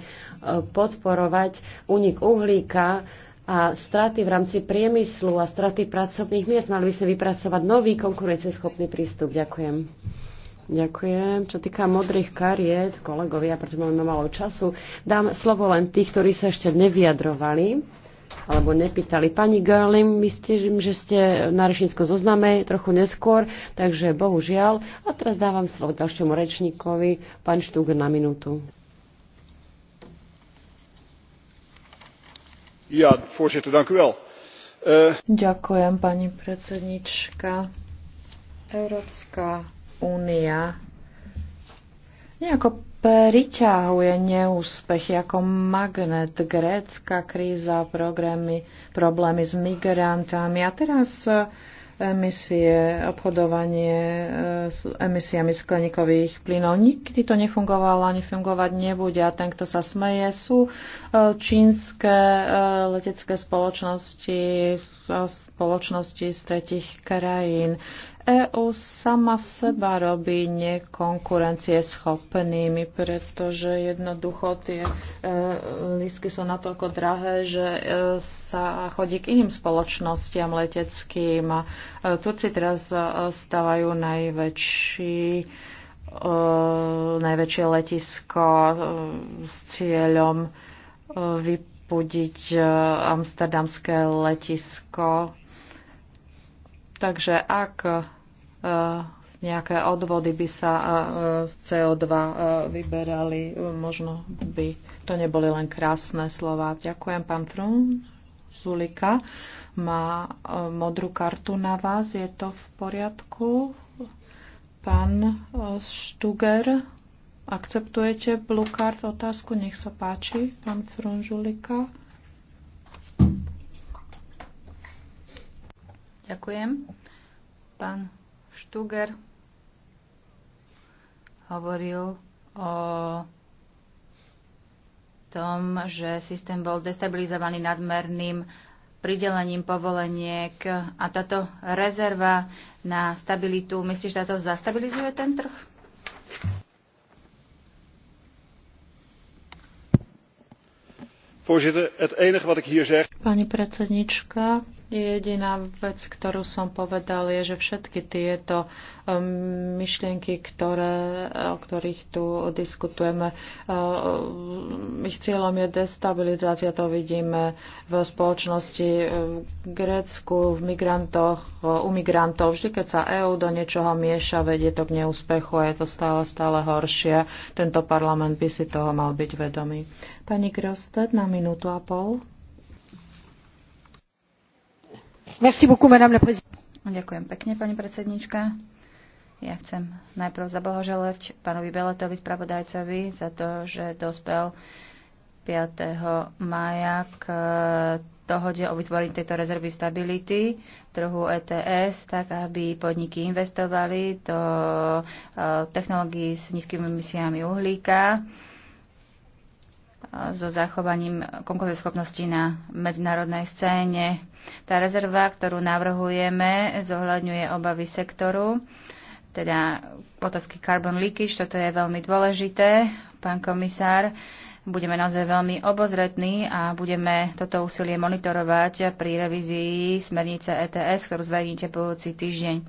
S1: podporovať únik uhlíka a straty v rámci priemyslu a straty pracovných miest. Mali by sme vypracovať nový konkurenceschopný prístup. Ďakujem. Ďakujem. Čo týka modrých kariet, kolegovia, pretože máme malo času, dám slovo len tých, ktorí sa ešte nevyjadrovali alebo nepýtali. Pani Görling, myslím, že ste na rečníckom zozname trochu neskôr, takže bohužiaľ. A teraz dávam slovo ďalšiemu rečníkovi, pán Štúk na minútu.
S2: Ja, voorzitter, dank u wel. Eh,
S3: Ďakujem, pani predsednička. Európska únia nejako priťahuje neúspechy ako magnet, grécka kríza, programy, problémy s migrantami a teraz eh, emisie, obchodovanie eh, s emisiami skleníkových plynov. Nikdy to nefungovalo ani fungovať nebude a ten, kto sa smeje, sú eh, čínske letecké spoločnosti, spoločnosti z tretich krajín. EÚ sama seba robí nekonkurencieschopnými, pretože jednoducho tie e, lístky sú natoľko drahé, že e, sa chodí k iným spoločnostiam leteckým. A e, Turci teraz stávajú najväčší najväčšie letisko s cieľom vypudiť amsterdamské letisko Takže ak e, nejaké odvody by sa e, z CO2 e, vyberali, možno by to neboli len krásne slova. Ďakujem, pán Trun. Zulika má modrú kartu na vás. Je to v poriadku? Pán Štuger, akceptujete blue card otázku? Nech sa páči, pán Frunžulika.
S2: Ďakujem. Pán Štuger hovoril o tom, že systém bol destabilizovaný nadmerným pridelením povoleniek a táto rezerva na stabilitu, myslíš, že táto zastabilizuje ten trh?
S3: Pani predsednička, Jediná vec, ktorú som povedal, je, že všetky tieto um, myšlienky, ktoré, o ktorých tu diskutujeme, uh, ich cieľom je destabilizácia. To vidíme v spoločnosti uh, v Grécku, v migrantoch, uh, u migrantov. Vždy, keď sa EÚ do niečoho mieša, vedie to k neúspechu a je to stále, stále horšie. Tento parlament by si toho mal byť vedomý. Pani Grosted na minútu a pol.
S2: Ďakujem pekne, pani predsednička. Ja chcem najprv zablahoželať pánovi Beletovi, spravodajcovi, za to, že dospel 5. mája k eh, dohode o vytvorení tejto rezervy stability, trhu ETS, tak aby podniky investovali do eh, technológií s nízkymi emisiami uhlíka so zachovaním konkurenceschopnosti na medzinárodnej scéne. Tá rezerva, ktorú navrhujeme, zohľadňuje obavy sektoru, teda otázky carbon leakage, toto je veľmi dôležité, pán komisár. Budeme naozaj veľmi obozretní a budeme toto úsilie monitorovať pri revízii smernice ETS, ktorú zverejníte budúci týždeň.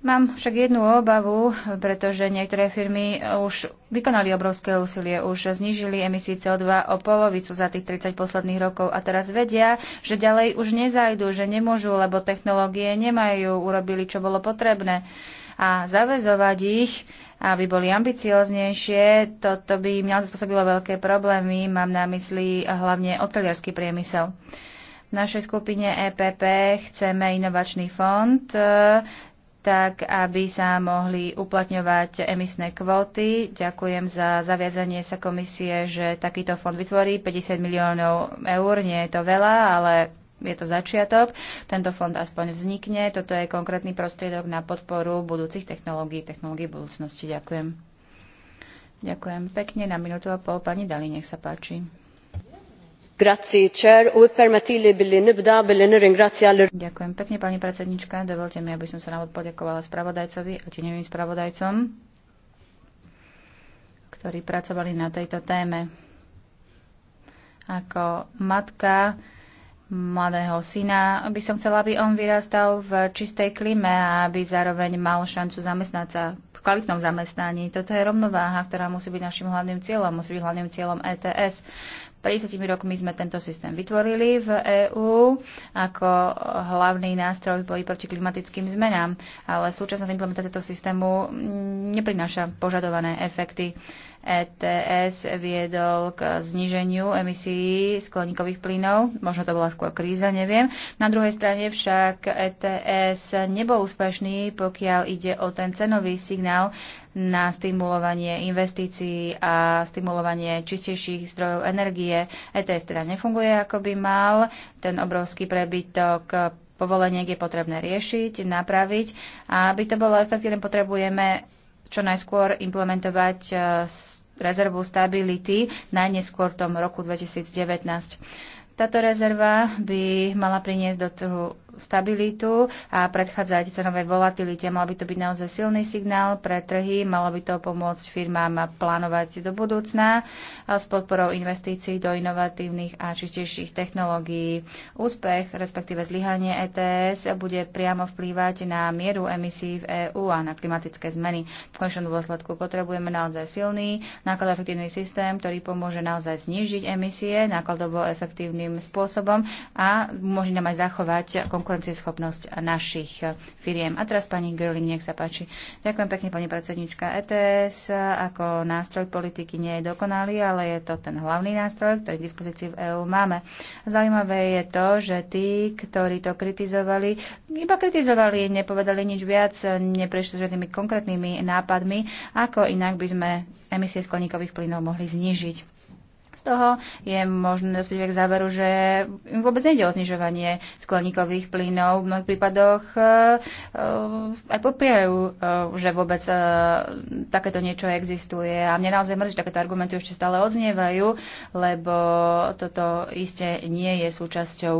S2: Mám však jednu obavu, pretože niektoré firmy už vykonali obrovské úsilie, už znížili emisie CO2 o polovicu za tých 30 posledných rokov a teraz vedia, že ďalej už nezajdu, že nemôžu, lebo technológie nemajú, urobili, čo bolo potrebné. A zavezovať ich, aby boli ambicioznejšie, toto by im spôsobilo veľké problémy, mám na mysli hlavne otreliarský priemysel. V našej skupine EPP chceme inovačný fond tak aby sa mohli uplatňovať emisné kvóty. Ďakujem za zaviazanie sa komisie, že takýto fond vytvorí 50 miliónov eur. Nie je to veľa, ale je to začiatok. Tento fond aspoň vznikne. Toto je konkrétny prostriedok na podporu budúcich technológií, technológií budúcnosti. Ďakujem. Ďakujem pekne. Na minútu a pol pani Dali, nech sa páči. Ďakujem pekne, pani predsednička. Dovolte mi, aby som sa na úvod poďakovala spravodajcovi a tieňovým spravodajcom, ktorí pracovali na tejto téme. Ako matka mladého syna by som chcela, aby on vyrastal v čistej klime a aby zároveň mal šancu zamestnať sa v kvalitnom zamestnaní. Toto je rovnováha, ktorá musí byť našim hlavným cieľom, musí byť hlavným cieľom ETS. 50 rokmi sme tento systém vytvorili v EÚ ako hlavný nástroj v boji proti klimatickým zmenám, ale súčasná implementácia toho systému neprináša požadované efekty. ETS viedol k zniženiu emisí skleníkových plynov. Možno to bola skôr kríza, neviem. Na druhej strane však ETS nebol úspešný, pokiaľ ide o ten cenový signál na stimulovanie investícií a stimulovanie čistejších zdrojov energie. ETS teda nefunguje, ako by mal. Ten obrovský prebytok povoleniek je potrebné riešiť, napraviť a aby to bolo efektívne, potrebujeme čo najskôr implementovať e, rezervu stability, najneskôr v tom roku 2019. Táto rezerva by mala priniesť do trhu stabilitu a predchádzať cenovej volatilite. Mal by to byť naozaj silný signál pre trhy, malo by to pomôcť firmám plánovať do budúcna s podporou investícií do inovatívnych a čistejších technológií. Úspech, respektíve zlyhanie ETS, bude priamo vplývať na mieru emisí v EÚ a na klimatické zmeny. V končnom dôsledku potrebujeme naozaj silný efektívny systém, ktorý pomôže naozaj znížiť emisie nákladovo efektívnym spôsobom a môže nám aj zachovať konkurencieschopnosť našich eh, firiem. A teraz pani Gröling, nech sa páči. Ďakujem pekne, pani predsednička. ETS eh, ako nástroj politiky nie je dokonalý, ale je to ten hlavný nástroj, ktorý k dispozícii v EÚ máme. Zaujímavé je to, že tí, ktorí to kritizovali, iba kritizovali, nepovedali nič viac, eh, neprešli žiadnymi konkrétnymi nápadmi, ako inak by sme emisie skleníkových plynov mohli znížiť. Z toho je možné dospieť k záveru, že im vôbec nejde o znižovanie skleníkových plynov. V mnohých prípadoch e, e, aj popierajú, e, že vôbec takéto niečo existuje. A mne naozaj mrzí, že takéto argumenty ešte stále odznievajú, lebo toto iste nie je súčasťou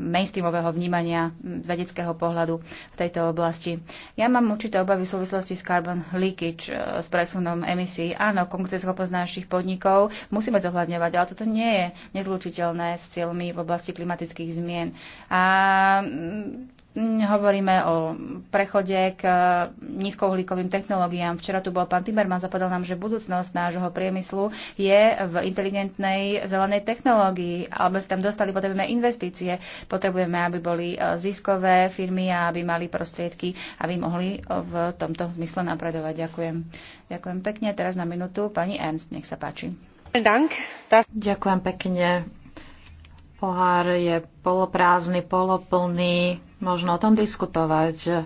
S2: mainstreamového vnímania vedeckého pohľadu v tejto oblasti. Ja mám určité obavy v súvislosti s carbon leakage, s presunom emisí. Áno, konkurencieschopnosť našich podnikov musí musíme zohľadňovať, ale toto nie je nezlučiteľné s cieľmi v oblasti klimatických zmien. A mm, hovoríme o prechode k e, nízkouhlíkovým technológiám. Včera tu bol pán Timerman a nám, že budúcnosť nášho priemyslu je v inteligentnej zelenej technológii. Alebo sa tam dostali, potrebujeme investície, potrebujeme, aby boli e, ziskové firmy a aby mali prostriedky, aby mohli e, v tomto zmysle napredovať. Ďakujem. Ďakujem pekne. Teraz na minútu pani Ernst, nech sa páči.
S3: Ďakujem pekne. Pohár je poloprázdny, poloplný. Možno o tom diskutovať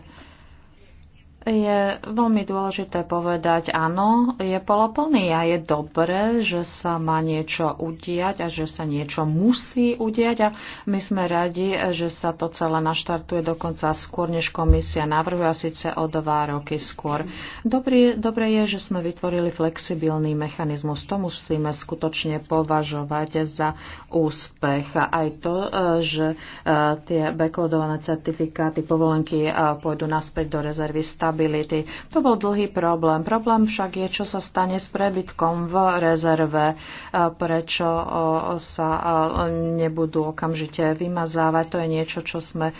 S3: je veľmi dôležité povedať, áno, je poloplný a je dobré, že sa má niečo udiať a že sa niečo musí udiať a my sme radi, že sa to celé naštartuje dokonca skôr, než komisia navrhuje a síce o dva roky skôr. Dobrý, dobré je, že sme vytvorili flexibilný mechanizmus. To musíme skutočne považovať za úspech. a Aj to, e, že e, tie backloadované certifikáty, povolenky e, pôjdu naspäť do rezervy stav stability. To bol dlhý problém. Problém však je, čo sa stane s prebytkom v rezerve, prečo sa nebudú okamžite vymazávať. To je niečo, čo sme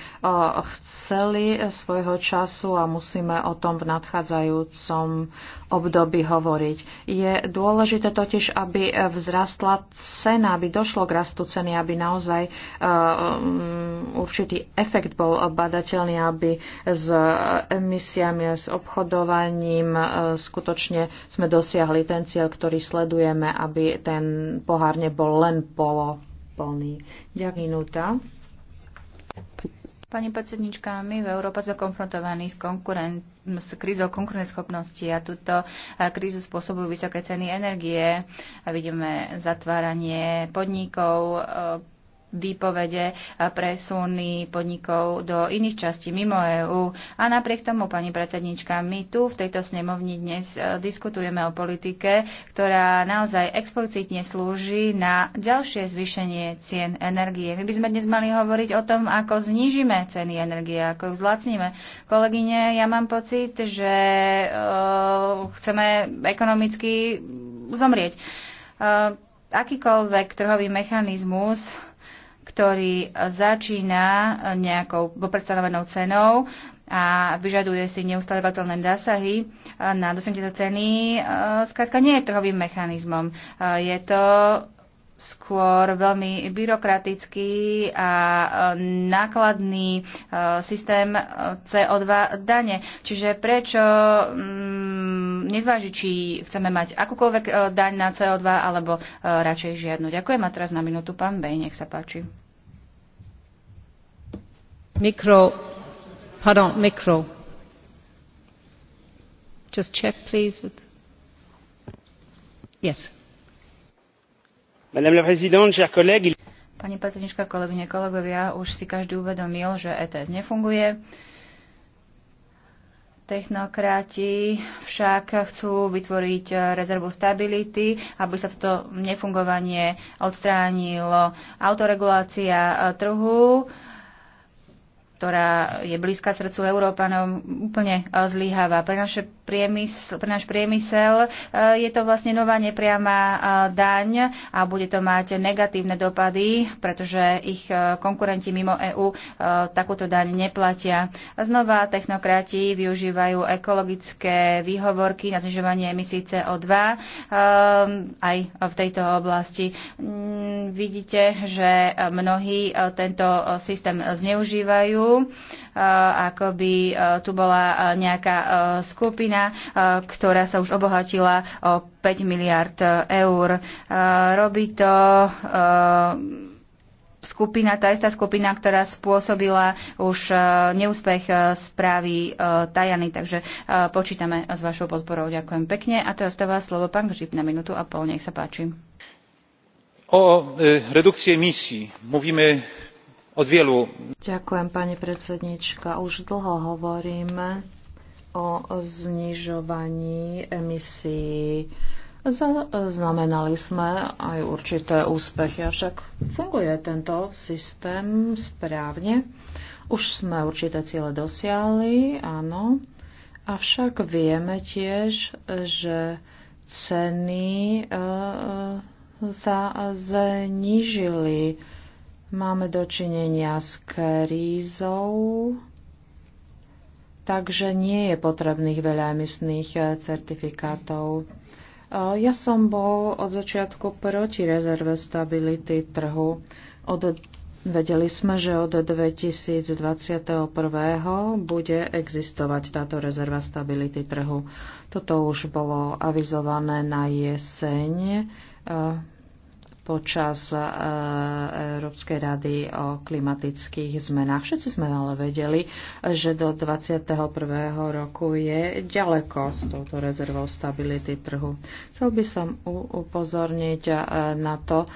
S3: chceli svojho času a musíme o tom v nadchádzajúcom období hovoriť. Je dôležité totiž, aby vzrastla cena, aby došlo k rastu ceny, aby naozaj e, mm, určitý efekt bol badateľný, aby s emisiami, s obchodovaním e, skutočne sme dosiahli ten cieľ, ktorý sledujeme, aby ten pohár nebol len polo plný. Ďakujem. Minúta.
S2: Pani predsednička, my v Európe sme konfrontovaní s, konkuren- s krízou konkurenceschopnosti a túto krízu spôsobujú vysoké ceny energie. A vidíme zatváranie podnikov, výpovede a e, presuny podnikov do iných častí mimo EÚ. A napriek tomu, pani predsednička, my tu v tejto snemovni dnes e, diskutujeme o politike, ktorá naozaj explicitne slúži na ďalšie zvýšenie cien energie. My by sme dnes mali hovoriť o tom, ako znížime ceny energie, ako ju zlacníme. Kolegyne, ja mám pocit, že uh, chceme ekonomicky zomrieť. Uh, akýkoľvek trhový mechanizmus ktorý e, začína e, nejakou popredstanovenou cenou a vyžaduje si neustalevateľné zásahy e, na dosiahnutie ceny, skrátka nie je trhovým mechanizmom. Je to skôr veľmi byrokratický a e, nákladný e, systém e, CO2 dane. Čiže prečo mm, nezváži, nezvážiť, či chceme mať akúkoľvek daň na CO2 alebo radšej žiadnu. Ďakujem a teraz na minútu pán Bej, nech sa páči. Mikro, pardon, mikro. Just check, please.
S1: Yes. Pani
S2: predsednička, kolegyne, kolegovia, už si každý uvedomil, že ETS nefunguje. Technokrati však chcú vytvoriť rezervu stability, aby sa toto nefungovanie odstránilo. Autoregulácia trhu ktorá je blízka srdcu Európanom, úplne e, zlyháva. Pre, naše priemysl, pre náš priemysel e, je to vlastne nová nepriama e, daň a bude to mať negatívne dopady, pretože ich konkurenti mimo EÚ takúto daň neplatia. A znova technokrati využívajú ekologické výhovorky na znižovanie emisí CO2 aj v tejto oblasti. Mm, vidíte, že mnohí tento systém zneužívajú ako by e, tu bola e, nejaká e, skupina, ktorá sa už obohatila o 5 miliard eur. Robí to skupina, tá istá skupina, ktorá spôsobila už neúspech správy Tajany. Takže počítame s vašou podporou. Ďakujem pekne. A teraz dáva slovo pán Gžip na minútu a pol. Nech sa páči.
S3: O redukcii emisí mówimy od Ďakujem, pani predsednička. Už dlho hovoríme o znižovaní emisí Zaznamenali sme aj určité úspechy, avšak funguje tento systém správne. Už sme určité ciele dosiahli, áno, avšak vieme tiež, že ceny eh, sa znížili Máme dočinenia s krízou, takže nie je potrebných veľa emisných eh, certifikátov. Eh, ja som bol od začiatku proti rezerve stability trhu. Od, vedeli sme, že od 2021. bude existovať táto rezerva stability trhu. Toto už bolo avizované na jeseň. Eh, počas e, Európskej rady o klimatických zmenách. Všetci sme ale vedeli, že do 21. roku je ďaleko s touto rezervou stability trhu. Chcel by som upozorniť e, na to, e,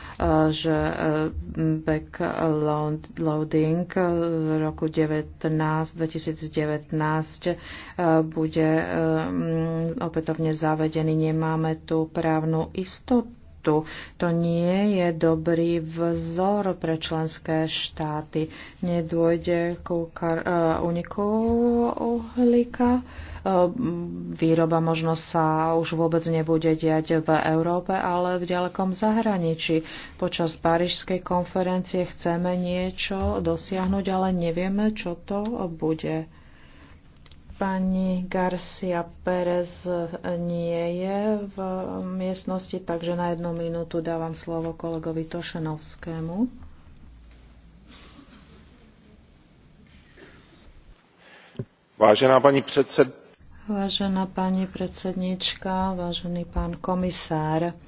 S3: že backloading v roku 19, 2019 bude opätovne zavedený. Nemáme tu právnu istotu štátu. To nie je dobrý vzor pre členské štáty. Nedôjde k e, uniku uhlíka. E, výroba možno sa už vôbec nebude diať v Európe, ale v ďalekom zahraničí. Počas Parížskej konferencie chceme niečo dosiahnuť, ale nevieme, čo to bude. Pani Garcia Perez nie je v miestnosti, takže na jednu minútu dávam slovo kolegovi Tošenovskému. Vážená pani predsed... Vážená pani predsednička, vážený pán komisár,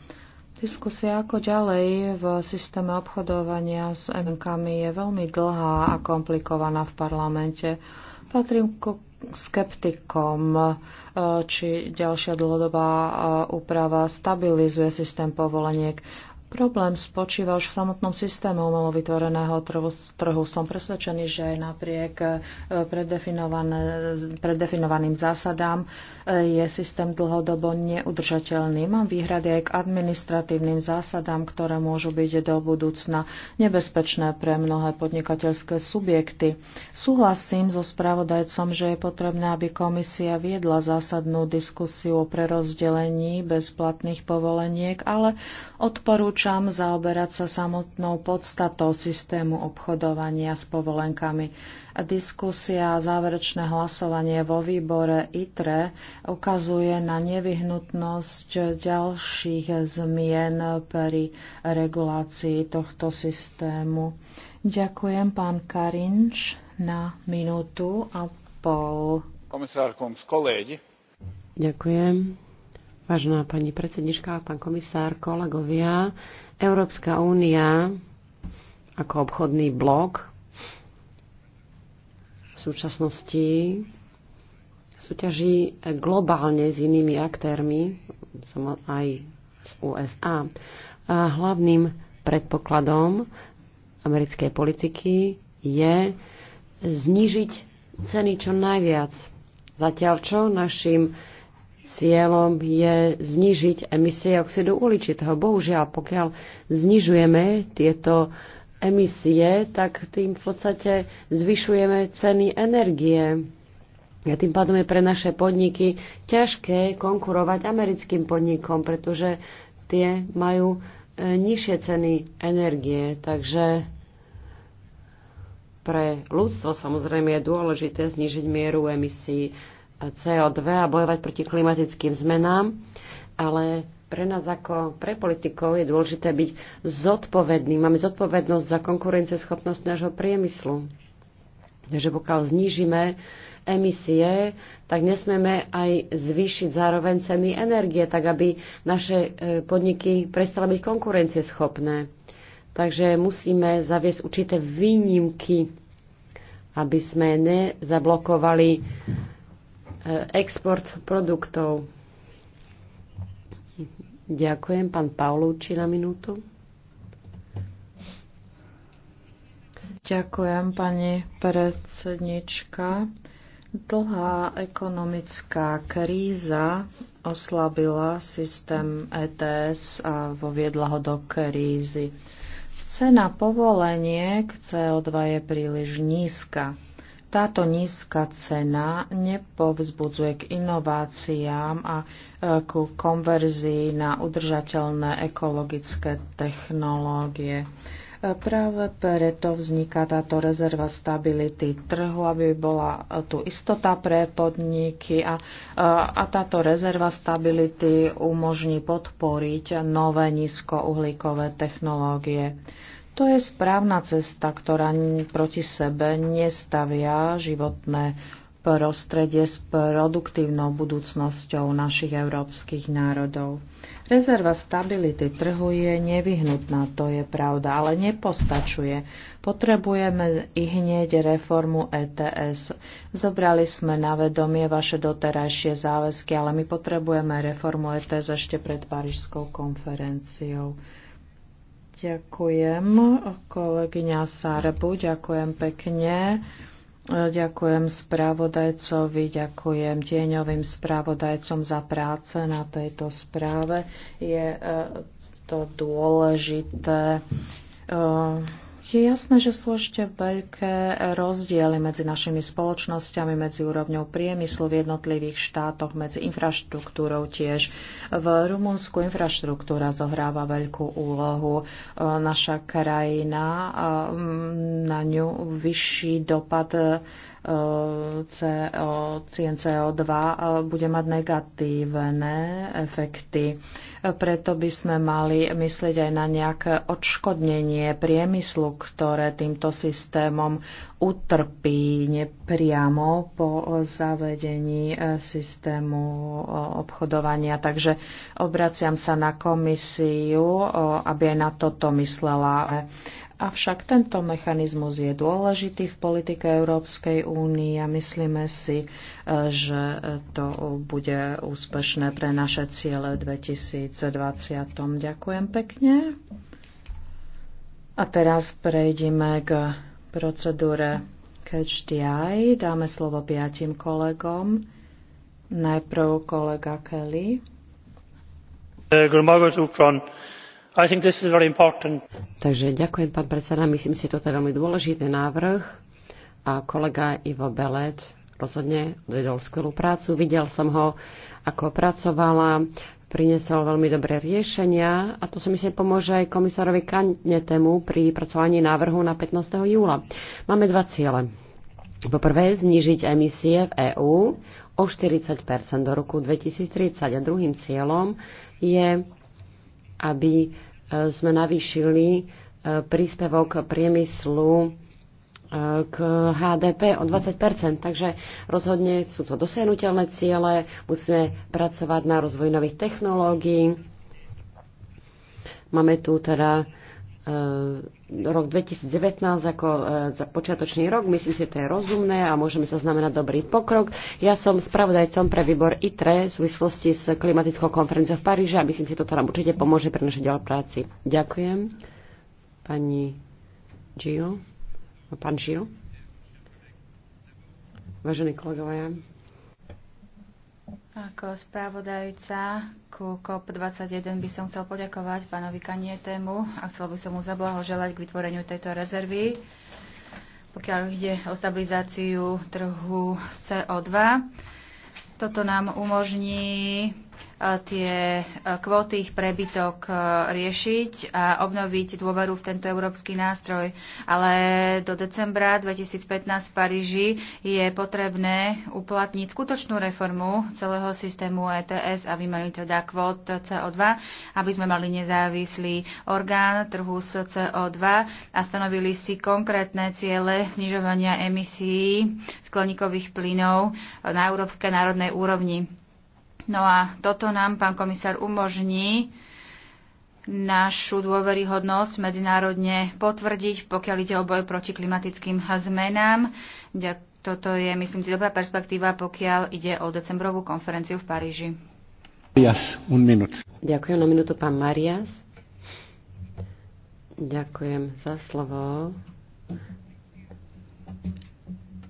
S3: Diskusia ako ďalej v systéme obchodovania s MK je veľmi dlhá a komplikovaná v parlamente. Patrím ku skeptikom, e, či ďalšia dlhodobá e, úprava stabilizuje systém povoleniek. Problém spočíva už v samotnom systéme umelo vytvoreného trhu, trhu. Som presvedčený, že aj napriek e, predefinovaným zásadám e, je systém dlhodobo neudržateľný. Mám výhrady aj k administratívnym zásadám, ktoré môžu byť do budúcna nebezpečné pre mnohé podnikateľské subjekty. Súhlasím so spravodajcom, že je potrebné, aby komisia viedla zásadnú diskusiu o prerozdelení bezplatných povoleniek, ale odporúčam odporúčam zaoberať sa samotnou podstatou systému obchodovania s povolenkami. Diskusia a záverečné hlasovanie vo výbore ITRE ukazuje na nevyhnutnosť ďalších zmien pri regulácii tohto systému. Ďakujem pán Karinč
S1: na minútu a pol.
S3: Komisárkom, kolegi.
S1: Ďakujem. Vážená pani predsednička, pán komisár, kolegovia, Európska únia ako obchodný blok v súčasnosti súťaží globálne s inými aktérmi, aj z USA. A hlavným predpokladom americkej politiky je znížiť ceny čo najviac. Zatiaľ čo našim Cieľom je znižiť emisie oxidu uhličitého. Bohužiaľ, pokiaľ znižujeme tieto emisie, tak tým v podstate zvyšujeme ceny energie. A tým pádom je pre naše podniky ťažké konkurovať americkým podnikom, pretože tie majú e, nižšie ceny energie. Takže pre ľudstvo samozrejme je dôležité znižiť mieru emisí CO2 a bojovať proti klimatickým zmenám, ale pre nás ako pre politikov je dôležité byť zodpovedný. Máme zodpovednosť za konkurenceschopnosť nášho priemyslu. Takže pokiaľ znížime emisie, tak nesmeme aj zvýšiť zároveň ceny energie, tak aby naše e, podniky prestali byť konkurencieschopné. Takže musíme zaviesť určité výnimky, aby sme nezablokovali export produktov. Ďakujem. Pán Paulúči na minútu. Ďakujem, pani
S3: predsednička. Dlhá ekonomická kríza oslabila systém ETS a voviedla ho do krízy. Cena povoleniek CO2 je príliš nízka táto nízka cena nepovzbudzuje k inováciám a e, ku konverzii na udržateľné ekologické technológie. E, práve preto vzniká táto rezerva stability trhu, aby bola e, tu istota pre podniky a, a táto rezerva stability umožní podporiť nové nízkouhlíkové technológie. To je správna cesta, ktorá proti sebe nestavia životné prostredie s produktívnou budúcnosťou našich európskych národov. Rezerva stability trhu je nevyhnutná, to je pravda, ale nepostačuje. Potrebujeme i hneď reformu ETS. Zobrali sme na vedomie vaše doterajšie záväzky, ale my potrebujeme reformu ETS ešte pred Parížskou konferenciou. Ďakujem, kolegyňa Sarbu, ďakujem pekne. Ďakujem správodajcovi, ďakujem tieňovým správodajcom za práce na tejto správe. Je eh, to dôležité eh, je jasné, že sú ešte veľké rozdiely medzi našimi spoločnosťami, medzi úrovňou priemyslu v jednotlivých štátoch, medzi infraštruktúrou tiež. V Rumunsku infraštruktúra zohráva veľkú úlohu. E, naša krajina e, na ňu vyšší dopad e, CO, cnco 2 bude mať negatívne efekty. Preto by sme mali myslieť aj na nejaké odškodnenie priemyslu, ktoré týmto systémom utrpí nepriamo po zavedení e, systému e, obchodovania. Takže obraciam sa na komisiu, e, aby aj na toto myslela Avšak tento mechanizmus je dôležitý v politike Európskej únie a myslíme si, e, že to bude úspešné pre naše ciele v 2020. Ďakujem pekne. A teraz prejdeme k procedúre Catch the Eye. Dáme slovo piatim kolegom. Najprv kolega
S1: Kelly. Takže ďakujem, pán predseda. Myslím si, že toto je veľmi dôležitý návrh. A kolega Ivo Belet rozhodne odvedol skvelú prácu. Videl som ho, ako pracovala, priniesol veľmi dobré riešenia a to si myslím pomôže aj komisárovi Kanetemu pri pracovaní návrhu na 15. júla. Máme dva ciele. Po prvé, znižiť emisie v EÚ o 40 do roku 2030 a druhým cieľom je aby e, sme navýšili e, príspevok priemyslu e, k HDP o 20 Takže rozhodne sú to dosiahnutelné ciele, musíme pracovať na rozvoji nových technológií. Máme tu teda E, rok 2019 ako e, za počiatočný rok. Myslím že to je rozumné a môžeme sa znamenať dobrý pokrok. Ja som spravodajcom pre výbor ITRE v súvislosti s klimatickou konferenciou v Paríži a myslím že toto nám určite pomôže pre našej ďalej práci. Ďakujem. Pani Gio. Pán Gio. Vážení kolegovia,
S2: ako spravodajca ku COP21 by som chcel poďakovať pánovi Kanietému a chcel by som mu zablahoželať k vytvoreniu tejto rezervy, pokiaľ ide o stabilizáciu trhu CO2. Toto nám umožní tie kvóty, ich prebytok e, riešiť a obnoviť dôveru v tento európsky nástroj. Ale do decembra 2015 v Paríži je potrebné uplatniť skutočnú reformu celého systému ETS a vymeniť teda kvót CO2, aby sme mali nezávislý orgán trhu s CO2 a stanovili si konkrétne ciele znižovania emisí skleníkových plynov na európskej národnej úrovni. No a toto nám, pán komisár, umožní našu dôveryhodnosť medzinárodne potvrdiť, pokiaľ ide o boj proti klimatickým zmenám. Toto je, myslím si, dobrá perspektíva, pokiaľ ide o decembrovú konferenciu v Paríži.
S3: Marias, un minút.
S1: Ďakujem na minútu, pán Marias. Ďakujem za slovo.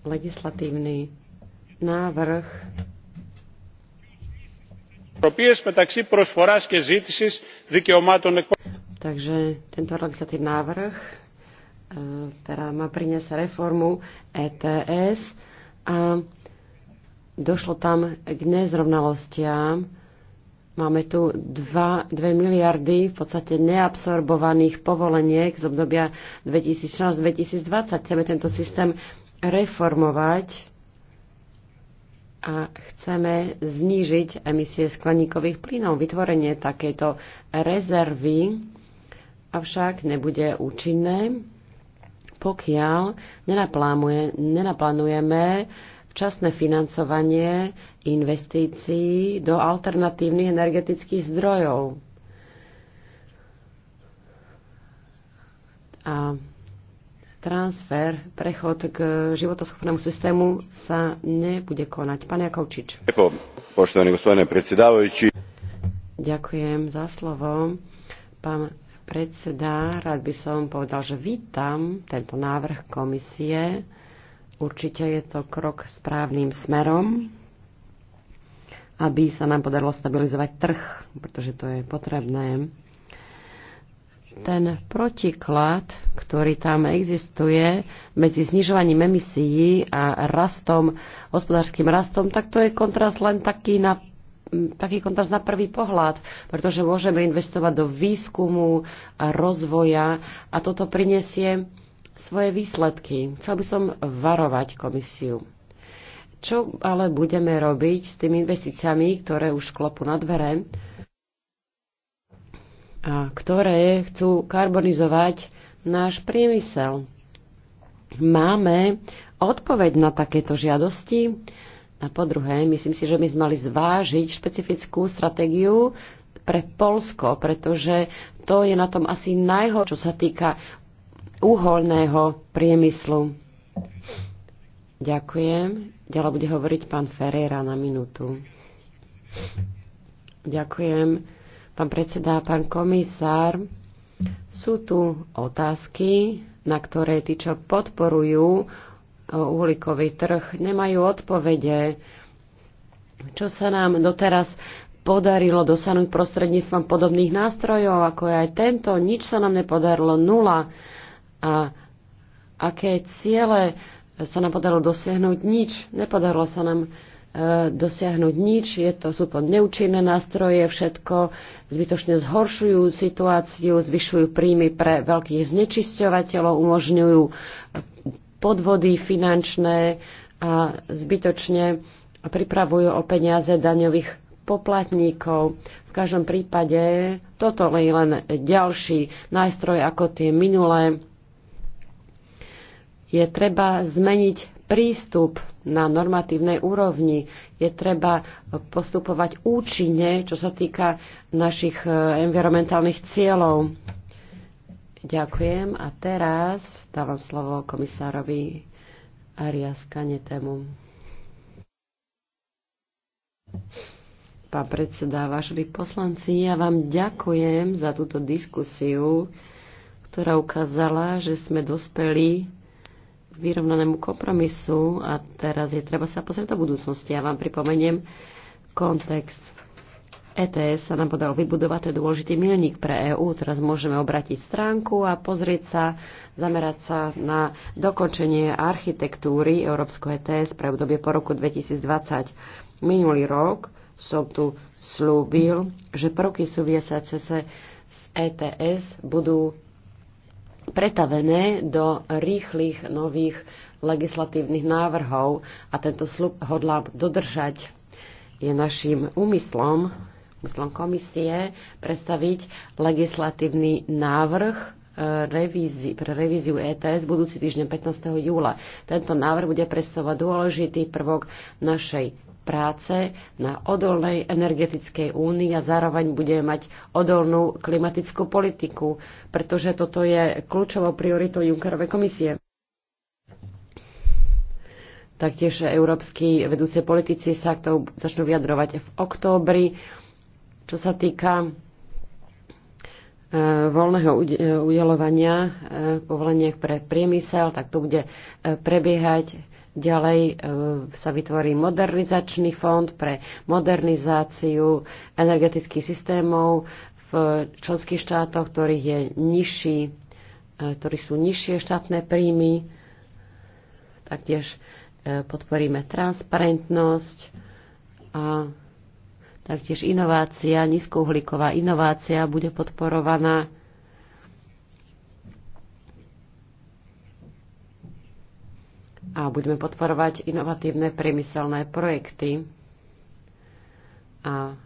S1: Legislatívny návrh
S2: Takže
S1: tento legislatívny návrh teda má priniesť reformu ETS a došlo tam k nezrovnalostiam. Máme tu 2, 2 miliardy v podstate neabsorbovaných povoleniek z obdobia 2016-2020. Chceme tento systém reformovať a chceme znížiť emisie skleníkových plynov. Vytvorenie takéto rezervy avšak nebude účinné, pokiaľ nenaplánujeme včasné financovanie investícií do alternatívnych energetických zdrojov. A transfer, prechod k životoschopnému systému sa nebude konať. Pán Jakovčič. Ďakujem za slovo. Pán predseda, rád by som povedal, že vítam tento návrh komisie. Určite je to krok správnym smerom, aby sa nám podarilo stabilizovať trh, pretože to je potrebné ten protiklad, ktorý tam existuje medzi znižovaním emisií a rastom, hospodárským rastom, tak to je kontrast len taký na taký kontrast na prvý pohľad, pretože môžeme investovať do výskumu a rozvoja a toto prinesie svoje výsledky. Chcel by som varovať komisiu. Čo ale budeme robiť s tými investíciami, ktoré už klopu na dvere? ktoré chcú karbonizovať náš priemysel. Máme odpoveď na takéto žiadosti. A po druhé, myslím si, že my sme mali zvážiť špecifickú stratégiu pre Polsko, pretože to je na tom asi najhoršie, čo sa týka uholného priemyslu. Ďakujem. Ďalej bude hovoriť pán Ferreira na minútu. Ďakujem. Pán predseda, pán komisár, sú tu otázky, na ktoré tí, čo podporujú e, uhlíkový trh, nemajú odpovede. Čo sa nám doteraz podarilo dosiahnuť prostredníctvom podobných nástrojov, ako je aj tento, nič sa nám nepodarilo, nula. A aké ciele sa nám podarilo dosiahnuť, nič. Nepodarilo sa nám E, dosiahnuť nič. Je to, sú to neúčinné nástroje, všetko zbytočne zhoršujú situáciu, zvyšujú príjmy pre veľkých znečisťovateľov, umožňujú podvody finančné a zbytočne pripravujú o peniaze daňových poplatníkov. V každom prípade toto je len ďalší nástroj ako tie minulé. Je treba zmeniť prístup na normatívnej úrovni. Je treba postupovať účinne, čo sa týka našich e, environmentálnych cieľov. Ďakujem a teraz dávam slovo komisárovi Arias Kanetemu. Pán predseda, vážení poslanci, ja vám ďakujem za túto diskusiu, ktorá ukázala, že sme dospeli vyrovnanému kompromisu a teraz je treba sa pozrieť do budúcnosti. Ja vám pripomeniem kontext. ETS sa nám podal vybudovať, to je dôležitý milník pre EÚ. Teraz môžeme obratiť stránku a pozrieť sa, zamerať sa na dokončenie architektúry Európskeho ETS pre obdobie po roku 2020. Minulý rok som tu slúbil, že prvky súvisiace s ETS budú pretavené do rýchlych nových legislatívnych návrhov a tento slub hodlám dodržať. Je našim úmyslom, úmyslom komisie, predstaviť legislatívny návrh e, revízi, pre revíziu ETS budúci týždeň 15. júla. Tento návrh bude predstavovať dôležitý prvok našej práce na odolnej energetickej únii a zároveň bude mať odolnú klimatickú politiku, pretože toto je kľúčovou prioritou Junckerovej komisie. Taktiež európsky vedúci politici sa k tomu začnú vyjadrovať v októbri. Čo sa týka e, voľného udelovania e, povoleniek pre priemysel, tak to bude e, prebiehať Ďalej e, sa vytvorí modernizačný fond pre modernizáciu energetických systémov v členských štátoch, ktorých je nižší, e, ktorí sú nižšie štátne príjmy. Taktiež e, podporíme transparentnosť a taktiež inovácia, nízkouhlíková inovácia bude podporovaná a budeme podporovať inovatívne priemyselné projekty a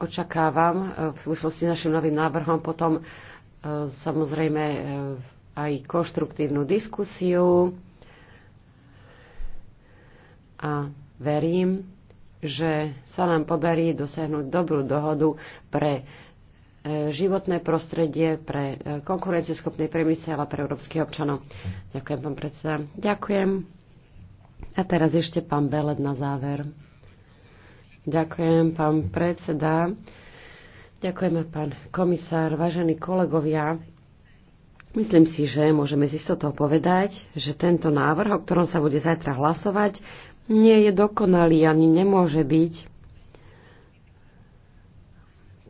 S1: očakávam e, v súvislosti s našim novým návrhom potom e, samozrejme e, aj konštruktívnu diskusiu a verím, že sa nám podarí dosiahnuť dobrú dohodu pre E, životné prostredie pre e, konkurencieschopný priemysel a pre európskych občanov. Ďakujem, pán predseda. Ďakujem. A teraz ešte pán Beled na záver. Ďakujem, pán predseda. Ďakujeme, pán komisár, vážení kolegovia. Myslím si, že môžeme z istotou povedať, že tento návrh, o ktorom sa bude zajtra hlasovať, nie je dokonalý ani nemôže byť,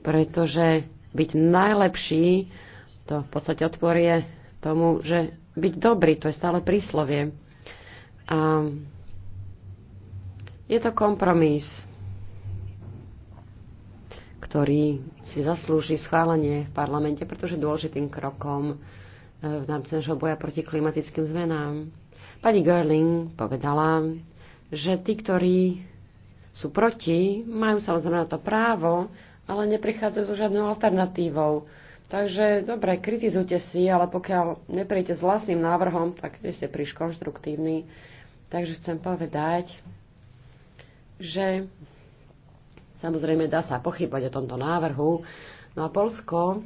S1: pretože byť najlepší, to v podstate odporie tomu, že byť dobrý, to je stále príslovie. A je to kompromis, ktorý si zaslúži schválenie v parlamente, pretože dôležitým krokom e, v rámci našho boja proti klimatickým zmenám. Pani Gerling povedala, že tí, ktorí sú proti, majú samozrejme na to právo, ale neprichádzajú so žiadnou alternatívou. Takže dobre, kritizujte si, ale pokiaľ neprijete s vlastným návrhom, tak nie ste príliš konštruktívni. Takže chcem povedať, že samozrejme dá sa pochybať o tomto návrhu. No a Polsko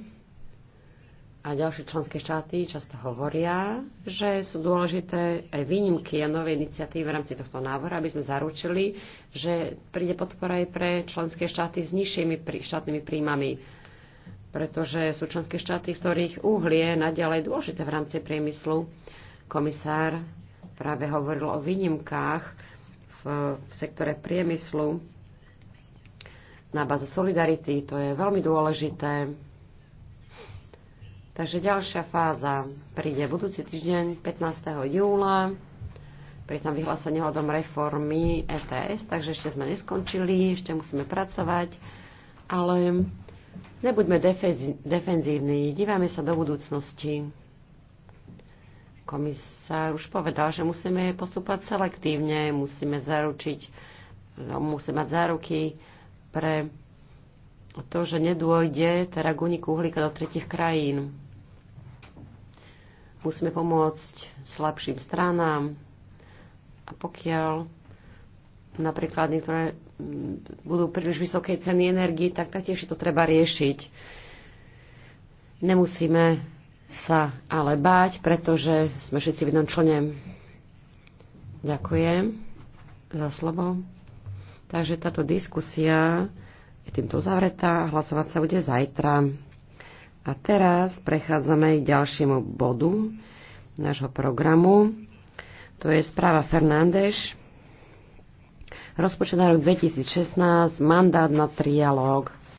S1: a ďalšie členské štáty často hovoria, že sú dôležité aj výnimky a nové iniciatívy v rámci tohto návora, aby sme zaručili, že príde podpora aj pre členské štáty s nižšími štátnymi príjmami, pretože sú členské štáty, v ktorých uhlie je naďalej dôležité v rámci priemyslu. Komisár práve hovoril o výnimkách v, v sektore priemyslu na báze solidarity. To je veľmi dôležité Takže ďalšia fáza príde budúci týždeň 15. júla pri tom vyhlásení hľadom reformy ETS, takže ešte sme neskončili, ešte musíme pracovať, ale nebuďme defenzívni, dívame sa do budúcnosti. Komisár už povedal, že musíme postupovať selektívne, musíme zaručiť, no, musíme mať záruky pre to, že nedôjde teda k uniku uhlíka do tretich krajín musíme pomôcť slabším stranám a pokiaľ napríklad niektoré mm, budú príliš vysoké ceny energii, tak taktiež to treba riešiť. Nemusíme sa ale báť, pretože sme všetci v jednom člene. Ďakujem za slovo. Takže táto diskusia je týmto uzavretá. Hlasovať sa bude zajtra. A teraz prechádzame k ďalšiemu bodu nášho programu. To je správa Fernández. Rozpočet na rok 2016, mandát na trialóg.